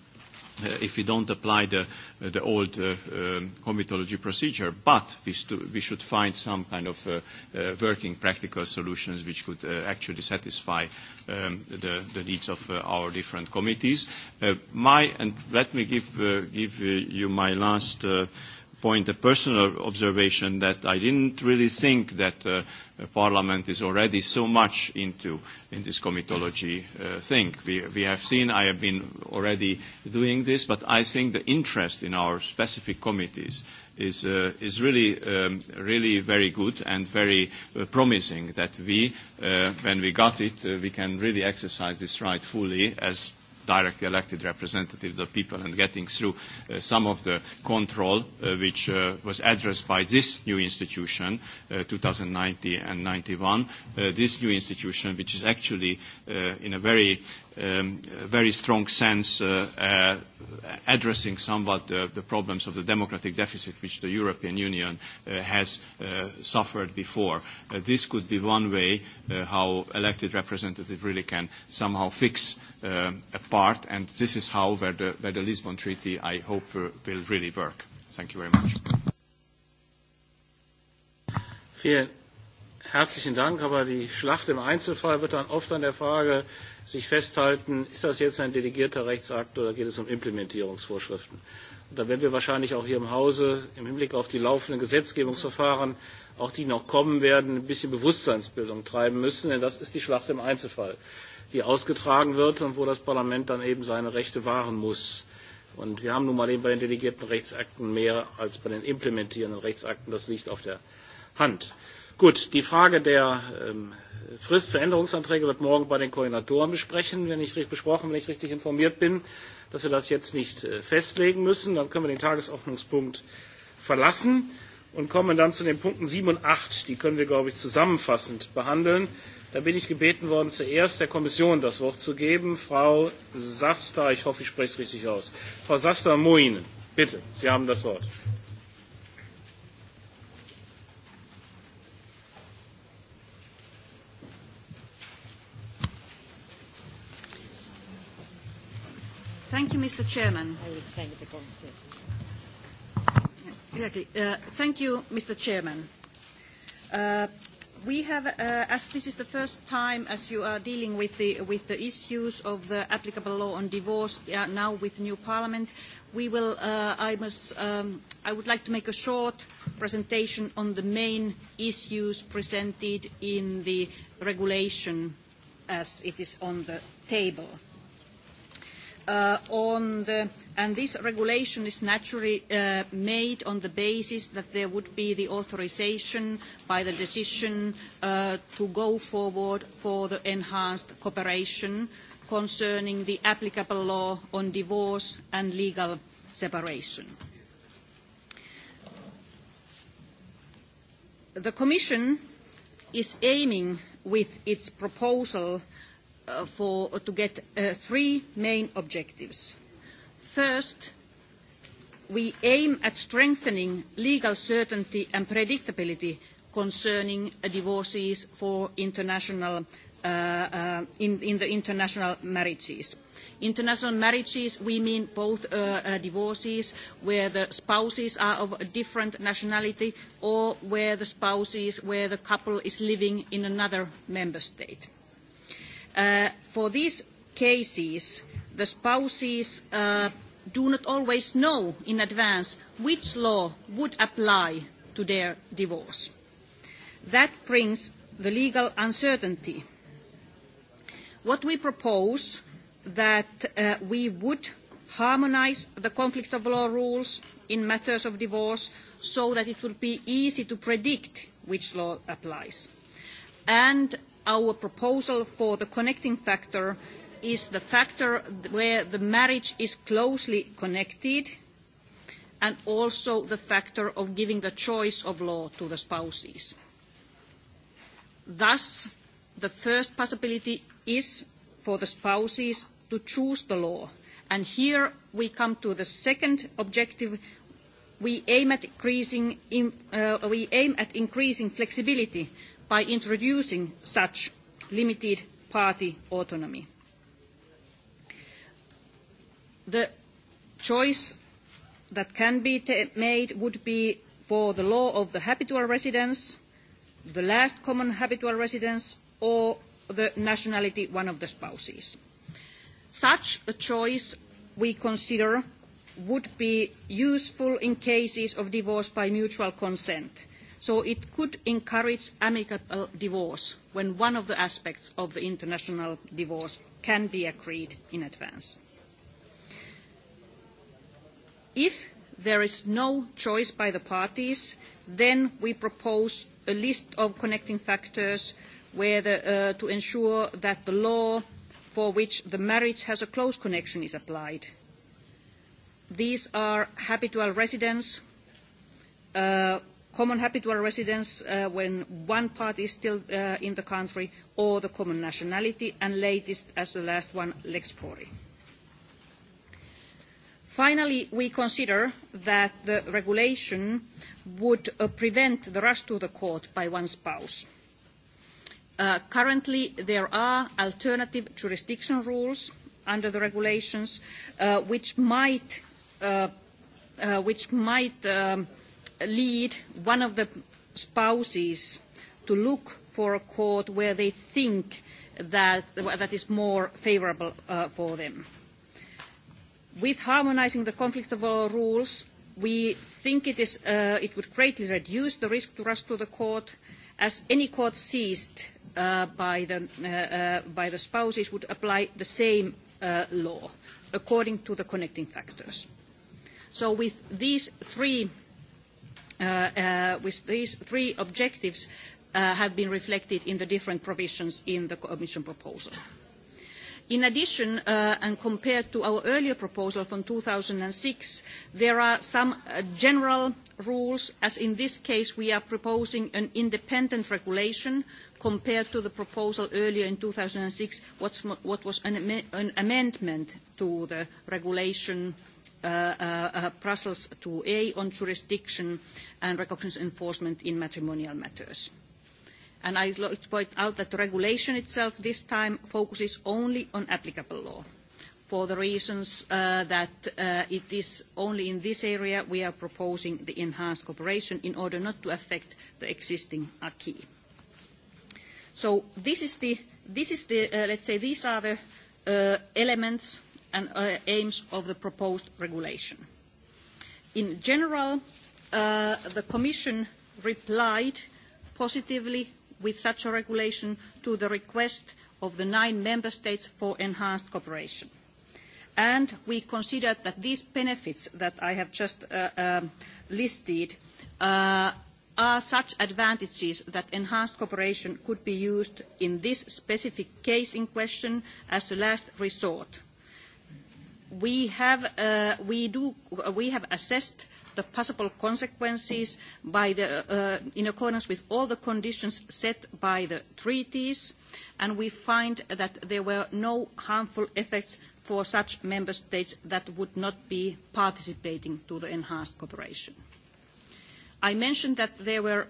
Uh, if we don't apply the, uh, the old uh, um, comitology procedure, but we, stu- we should find some kind of uh, uh, working practical solutions which could uh, actually satisfy um, the, the needs of uh, our different committees. Uh, my, and let me give, uh, give uh, you my last uh, point a personal observation that I didn't really think that uh, Parliament is already so much into in this comitology uh, thing. We, we have seen, I have been already doing this, but I think the interest in our specific committees is, uh, is really, um, really very good and very uh, promising that we, uh, when we got it, uh, we can really exercise this right fully as directly elected representatives of people and getting through uh, some of the control uh, which uh, was addressed by this new institution, uh, 2090 and 91. Uh, this new institution, which is actually uh, in a very um, very strong sense uh, uh, addressing somewhat the, the problems of the democratic deficit which the European Union uh, has uh, suffered before. Uh, this could be one way uh, how elected representatives really can somehow fix uh, a part, and this is how where the, where the Lisbon Treaty, I hope, uh, will really work. Thank you very much. Vielen herzlichen Dank, aber die Schlacht im Einzelfall wird dann oft an der Frage sich festhalten, ist das jetzt ein delegierter Rechtsakt oder geht es um Implementierungsvorschriften? Und da werden wir wahrscheinlich auch hier im Hause im Hinblick auf die laufenden Gesetzgebungsverfahren, auch die noch kommen werden, ein bisschen Bewusstseinsbildung treiben müssen, denn das ist die Schlacht im Einzelfall, die ausgetragen wird und wo das Parlament dann eben seine Rechte wahren muss. Und wir haben nun mal eben bei den delegierten Rechtsakten mehr als bei den implementierenden Rechtsakten. Das liegt auf der Hand. Gut, die Frage der ähm, Frist für Änderungsanträge wird morgen bei den Koordinatoren besprechen, wenn ich, besprochen, wenn ich richtig informiert bin, dass wir das jetzt nicht äh, festlegen müssen. Dann können wir den Tagesordnungspunkt verlassen und kommen dann zu den Punkten sieben und acht. Die können wir, glaube ich, zusammenfassend behandeln. Da bin ich gebeten worden, zuerst der Kommission das Wort zu geben. Frau Sasta, ich hoffe, ich spreche es richtig aus. Frau Sasta Moinen, bitte, Sie haben das Wort. Thank you, Mr. Chairman. I would thank the Council. Exactly. Uh, thank you, Mr. Chairman. Uh, we have, uh, as this is the first time as you are dealing with the, with the issues of the applicable law on divorce uh, now with new parliament, we will, uh, I, must, um, I would like to make a short presentation on the main issues presented in the regulation as it is on the table. Uh, uh, on the and this regulation is naturally uh, made on the basis that there would be the authorisation by the decision uh, to go forward for the enhanced cooperation concerning the applicable law on divorce and legal separation. The Commission is aiming with its proposal uh, Uh, for, uh, to get uh, three main objectives. First, we aim at strengthening legal certainty and predictability concerning divorces for international, uh, uh, in, in the international marriages. International marriages, we mean both uh, uh divorces where the spouses are of a different nationality or where the spouses, where the couple is living in another member state. Uh, for these cases, the spouses uh, do not always know in advance which law would apply to their divorce. That brings the legal uncertainty. What we propose that uh, we would harmonise the conflict of law rules in matters of divorce so that it would be easy to predict which law applies. And our proposal for the connecting factor is the factor where the marriage is closely connected and also the factor of giving the choice of law to the spouses. Thus, the first possibility is for the spouses to choose the law. And here we come to the second objective. We aim at increasing, uh, we aim at increasing flexibility by introducing such limited party autonomy. The choice that can be made would be for the law of the habitual residence, the last common habitual residence, or the nationality one of the spouses. Such a choice, we consider, would be useful in cases of divorce by mutual consent so it could encourage amicable divorce when one of the aspects of the international divorce can be agreed in advance. If there is no choice by the parties, then we propose a list of connecting factors the, uh, to ensure that the law for which the marriage has a close connection is applied. These are habitual residence, uh, common habitual residence uh, when one party is still uh, in the country, or the common nationality, and latest as the last one, Lex Pori. Finally, we consider that the regulation would uh, prevent the rush to the court by one spouse. Uh, currently, there are alternative jurisdiction rules under the regulations uh, which might, uh, which might um, lead one of the spouses to look for a court where they think that, that is more favourable uh, for them. With harmonising the conflict of law rules, we think it, is, uh, it would greatly reduce the risk to rush to the court, as any court seized uh, by, the, uh, uh, by, the, spouses would apply the same uh, law according to the connecting factors. So with these three Uh, uh, with these three objectives uh, have been reflected in the different provisions in the Commission proposal. In addition, uh, and compared to our earlier proposal from two thousand six, there are some uh, general rules, as in this case we are proposing an independent regulation compared to the proposal earlier in two 2006, six, what was an, am an amendment to the regulation uh, Brussels uh, uh, uh, two a on jurisdiction and recognition enforcement in matrimonial matters. And I'd like to point out that the regulation itself this time focuses only on applicable law for the reasons uh, that uh, it is only in this area we are proposing the enhanced cooperation in order not to affect the existing acquis. So this is the, this is the uh, let's say, these are the elements and uh, aims of the proposed regulation. In general, uh, the Commission replied positively with such a regulation to the request of the nine member states for enhanced cooperation. And we consider that these benefits that I have just uh, um, listed uh, are such advantages that enhanced cooperation could be used in this specific case in question as a last resort Uh, uh, we have, assessed the possible consequences by the, uh, in accordance with all the conditions set by the treaties, and we find that there were no harmful effects for such member states that would not be participating to the enhanced cooperation. I mentioned that there were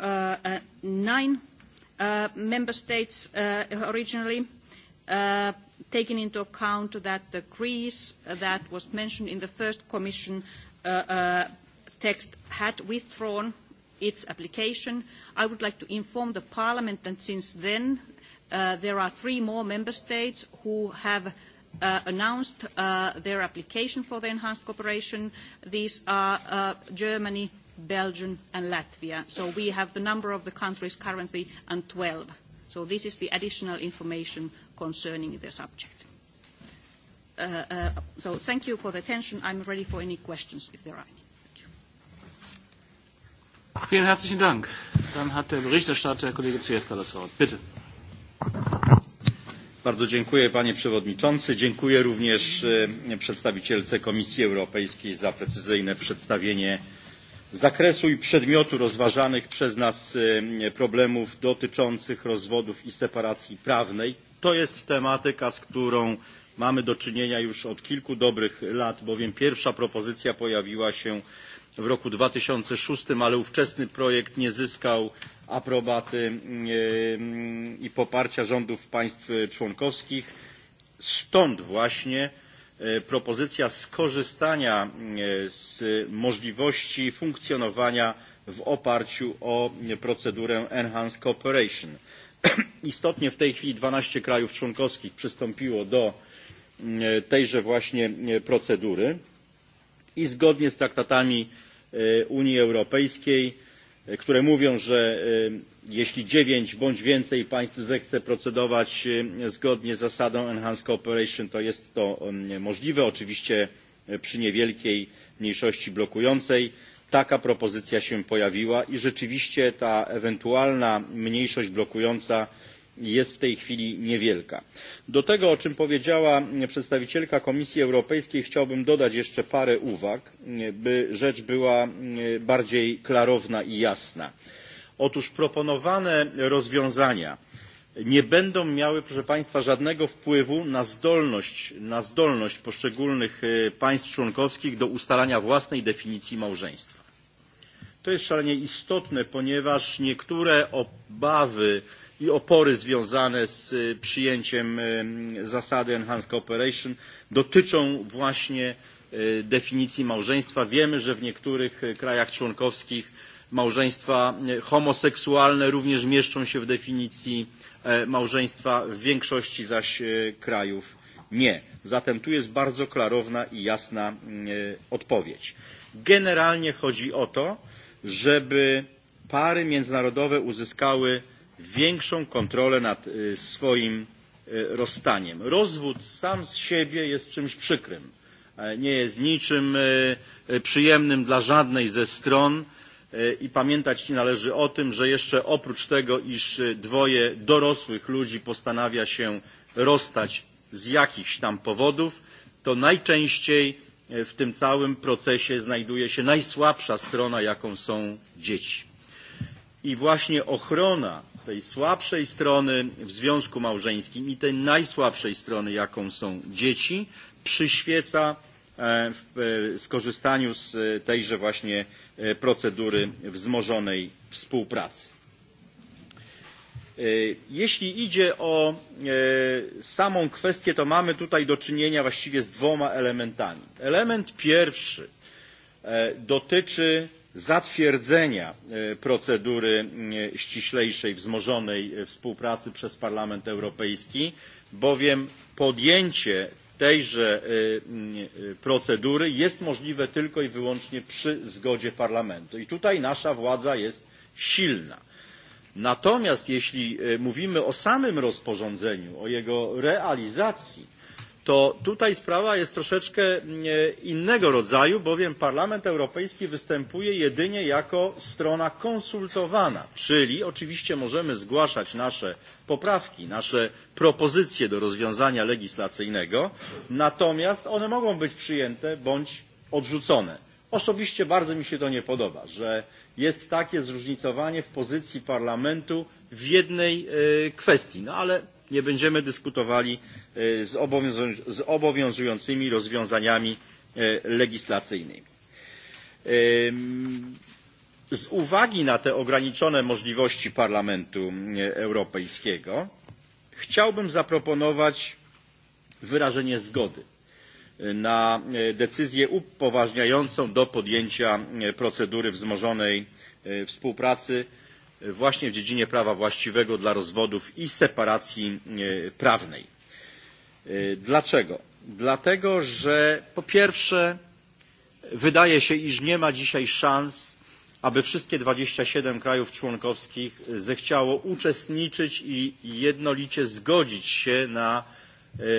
nine member states originally, taking into account that the Greece that was mentioned in the first Commission uh, uh, text had withdrawn its application. I would like to inform the Parliament that since then uh, there are three more Member States who have uh, announced uh, their application for the enhanced cooperation. These are uh, Germany, Belgium and Latvia. So we have the number of the countries currently and twelve. So this is the additional information concerning the subject. Uh, uh, so thank you for the attention. I'm ready for any questions if there are any. Vielen herzlichen Dank. Dann hat der Berichterstatter, Kollege Zwiefka, das Wort. Bitte. Bardzo dziękuję panie przewodniczący. Dziękuję również e, przedstawicielce Komisji Europejskiej za precyzyjne przedstawienie zakresu i przedmiotu rozważanych przez nas e, problemów dotyczących rozwodów i separacji prawnej to jest tematyka, z którą mamy do czynienia już od kilku dobrych lat, bowiem pierwsza propozycja pojawiła się w roku dwa tysiące 2006, ale ówczesny projekt nie zyskał aprobaty mm, mm, i poparcia rządów państw członkowskich. Stąd właśnie e, propozycja skorzystania e, z możliwości funkcjonowania w oparciu o procedurę Enhanced Cooperation. (coughs) Istotnie w tej chwili 12 krajów członkowskich przystąpiło do mm, tejże właśnie mm, procedury i zgodnie z traktatami e, Unii Europejskiej, e, które mówią, że e, jeśli dziewięć bądź więcej państw zechce procedować zgodnie z zasadą Enhanced Cooperation, to jest to mm, możliwe, oczywiście przy niewielkiej mniejszości blokującej taka propozycja się pojawiła i rzeczywiście ta ewentualna mniejszość blokująca jest w tej chwili niewielka. Do tego, o czym powiedziała przedstawicielka Komisji Europejskiej, chciałbym dodać jeszcze parę uwag, by rzecz była e, bardziej klarowna i jasna. Otóż proponowane rozwiązania nie będą miały proszę państwa żadnego wpływu na zdolność, na zdolność poszczególnych e, państw członkowskich do ustalania własnej definicji małżeństwa. to jest szalenie istotne ponieważ niektóre obawy i opory związane z e, przyjęciem e, zasady enhanced cooperation dotyczą właśnie definicji małżeństwa. wiemy że w niektórych krajach członkowskich Małżeństwa homoseksualne również mieszczą się w definicji e, małżeństwa, w większości zaś e, krajów nie. Zatem tu jest bardzo klarowna i jasna e, odpowiedź. Generalnie chodzi o to, żeby pary międzynarodowe uzyskały większą kontrolę nad swoim rozstaniem. Rozwód sam z siebie jest czymś przykrym. Nie jest niczym przyjemnym dla żadnej ze stron. E, i pamiętać należy o tym, że jeszcze oprócz tego, iż e, dwoje dorosłych ludzi postanawia się rozstać z jakichś tam powodów, to najczęściej e, w tym całym procesie znajduje się najsłabsza strona, jaką są dzieci. I właśnie ochrona tej słabszej strony w związku małżeńskim i tej najsłabszej strony, jaką są dzieci, przyświeca E, w e, skorzystaniu z e, tejże właśnie procedury wzmożonej współpracy. Jeśli idzie o samą kwestię, to mamy tutaj do czynienia właściwie z dwoma elementami. Element pierwszy dotyczy zatwierdzenia procedury ściślejszej, wzmożonej współpracy przez Parlament Europejski, bowiem podjęcie tejże e, e, procedury jest możliwe tylko i wyłącznie przy zgodzie Parlamentu. I tutaj nasza władza jest silna. Natomiast jeśli e, mówimy o samym rozporządzeniu, o jego realizacji, to tutaj sprawa jest troszeczkę mm, innego rodzaju, bowiem Parlament Europejski występuje jedynie jako strona konsultowana, czyli oczywiście możemy zgłaszać nasze poprawki, nasze propozycje do rozwiązania legislacyjnego, natomiast one mogą być przyjęte bądź odrzucone. Osobiście bardzo mi się to nie podoba, że jest takie zróżnicowanie w pozycji Parlamentu w jednej kwestii, no ale nie będziemy dyskutowali z, obowiązującymi rozwiązaniami e, legislacyjnymi. Z uwagi na te ograniczone możliwości Parlamentu e, Europejskiego chciałbym zaproponować wyrażenie zgody e, na decyzję upoważniającą do podjęcia procedury wzmożonej współpracy właśnie w dziedzinie prawa właściwego dla rozwodów i separacji prawnej Dlaczego? Dlatego, że po pierwsze wydaje się, iż nie ma dzisiaj szans, aby wszystkie dwadzieścia siedem krajów członkowskich zechciało uczestniczyć i jednolicie zgodzić się na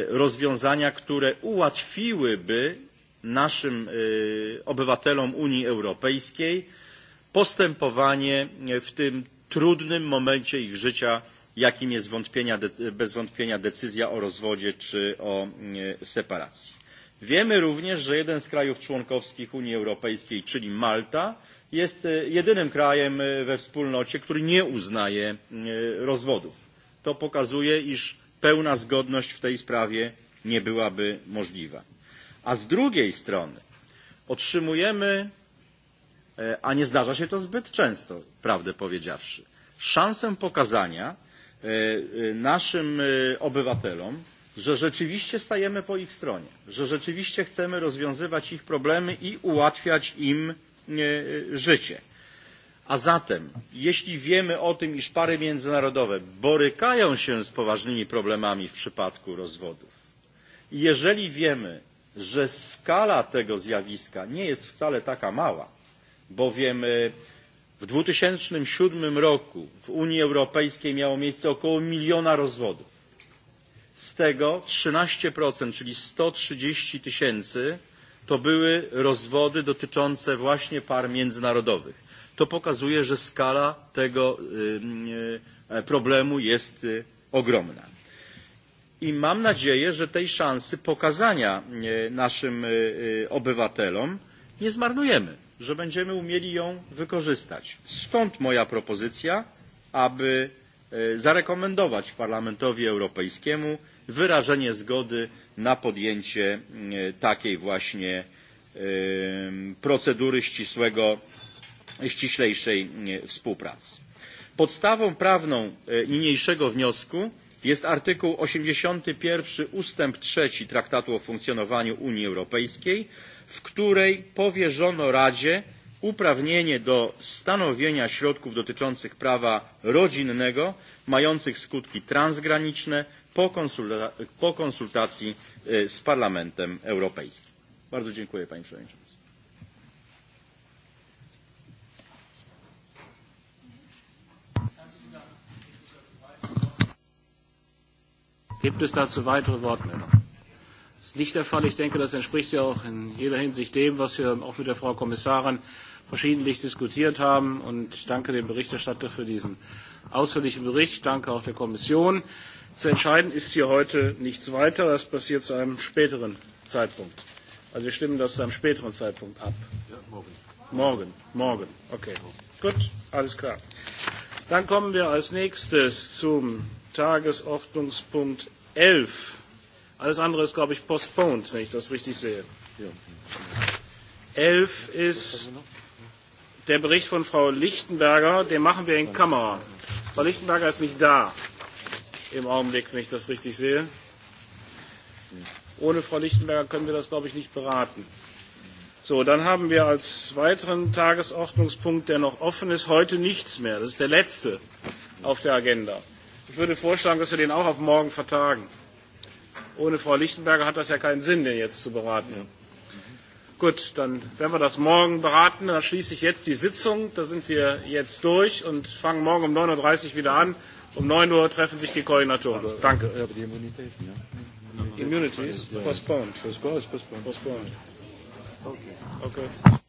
rozwiązania, które ułatwiłyby naszym obywatelom Unii Europejskiej postępowanie w tym trudnym momencie ich życia jakim jest wątpienia, bez wątpienia decyzja o rozwodzie czy o e, separacji. Wiemy również, że jeden z krajów członkowskich Unii Europejskiej, czyli Malta, jest e, jedynym krajem e, we wspólnocie, który nie uznaje rozwodów. To pokazuje, iż pełna zgodność w tej sprawie nie byłaby możliwa. A z drugiej strony otrzymujemy, a nie zdarza się to zbyt często, prawdę powiedziawszy, szansę pokazania, E, e, naszym e, obywatelom, że rzeczywiście stajemy po ich stronie, że rzeczywiście chcemy rozwiązywać ich problemy i ułatwiać im życie. A zatem, jeśli wiemy o tym, iż pary międzynarodowe borykają się z poważnymi problemami w przypadku rozwodów, i jeżeli wiemy, że skala tego zjawiska nie jest wcale taka mała, bowiem W 2007 roku w Unii Europejskiej miało miejsce około miliona rozwodów. Z tego 13%, czyli 130 tysięcy, to były rozwody dotyczące właśnie par międzynarodowych. To pokazuje, że skala tego problemu jest ogromna. I mam nadzieję, że tej szansy pokazania naszym obywatelom nie zmarnujemy że będziemy umieli ją wykorzystać. Stąd moja propozycja, aby e, zarekomendować Parlamentowi Europejskiemu wyrażenie zgody na podjęcie takiej właśnie e, procedury ścisłego, ściślejszej współpracy. Podstawą prawną e, niniejszego wniosku jest artykuł 81 ustęp 3 Traktatu o funkcjonowaniu Unii Europejskiej, w której powierzono Radzie uprawnienie do stanowienia środków dotyczących prawa rodzinnego, mających skutki transgraniczne po, konsulta po konsultacji z Parlamentem Europejskim. Bardzo dziękuję Panie Przewodniczący. Gibt es dazu weitere Wortmeldungen? Das ist nicht der Fall. Ich denke, das entspricht ja auch in jeder Hinsicht dem, was wir auch mit der Frau Kommissarin verschiedentlich diskutiert haben. Und ich danke dem Berichterstatter für diesen ausführlichen Bericht. Ich danke auch der Kommission. Zu entscheiden ist hier heute nichts weiter. Das passiert zu einem späteren Zeitpunkt. Also wir stimmen das zu einem späteren Zeitpunkt ab. Ja, morgen. Morgen, morgen. Okay, gut, alles klar. Dann kommen wir als nächstes zum Tagesordnungspunkt 11. Alles andere ist, glaube ich, postponed, wenn ich das richtig sehe. Elf ist der Bericht von Frau Lichtenberger. Den machen wir in Kamera. Frau Lichtenberger ist nicht da im Augenblick, wenn ich das richtig sehe. Ohne Frau Lichtenberger können wir das, glaube ich, nicht beraten. So, dann haben wir als weiteren Tagesordnungspunkt, der noch offen ist, heute nichts mehr. Das ist der letzte auf der Agenda. Ich würde vorschlagen, dass wir den auch auf morgen vertagen. Ohne Frau Lichtenberger hat das ja keinen Sinn, den jetzt zu beraten. Ja. Gut, dann werden wir das morgen beraten. Dann schließe ich jetzt die Sitzung. Da sind wir jetzt durch und fangen morgen um 9.30 Uhr wieder an. Um 9 Uhr treffen sich die Koordinatoren. Danke. Immunities postponed. Postponed. Postponed. Okay. Okay.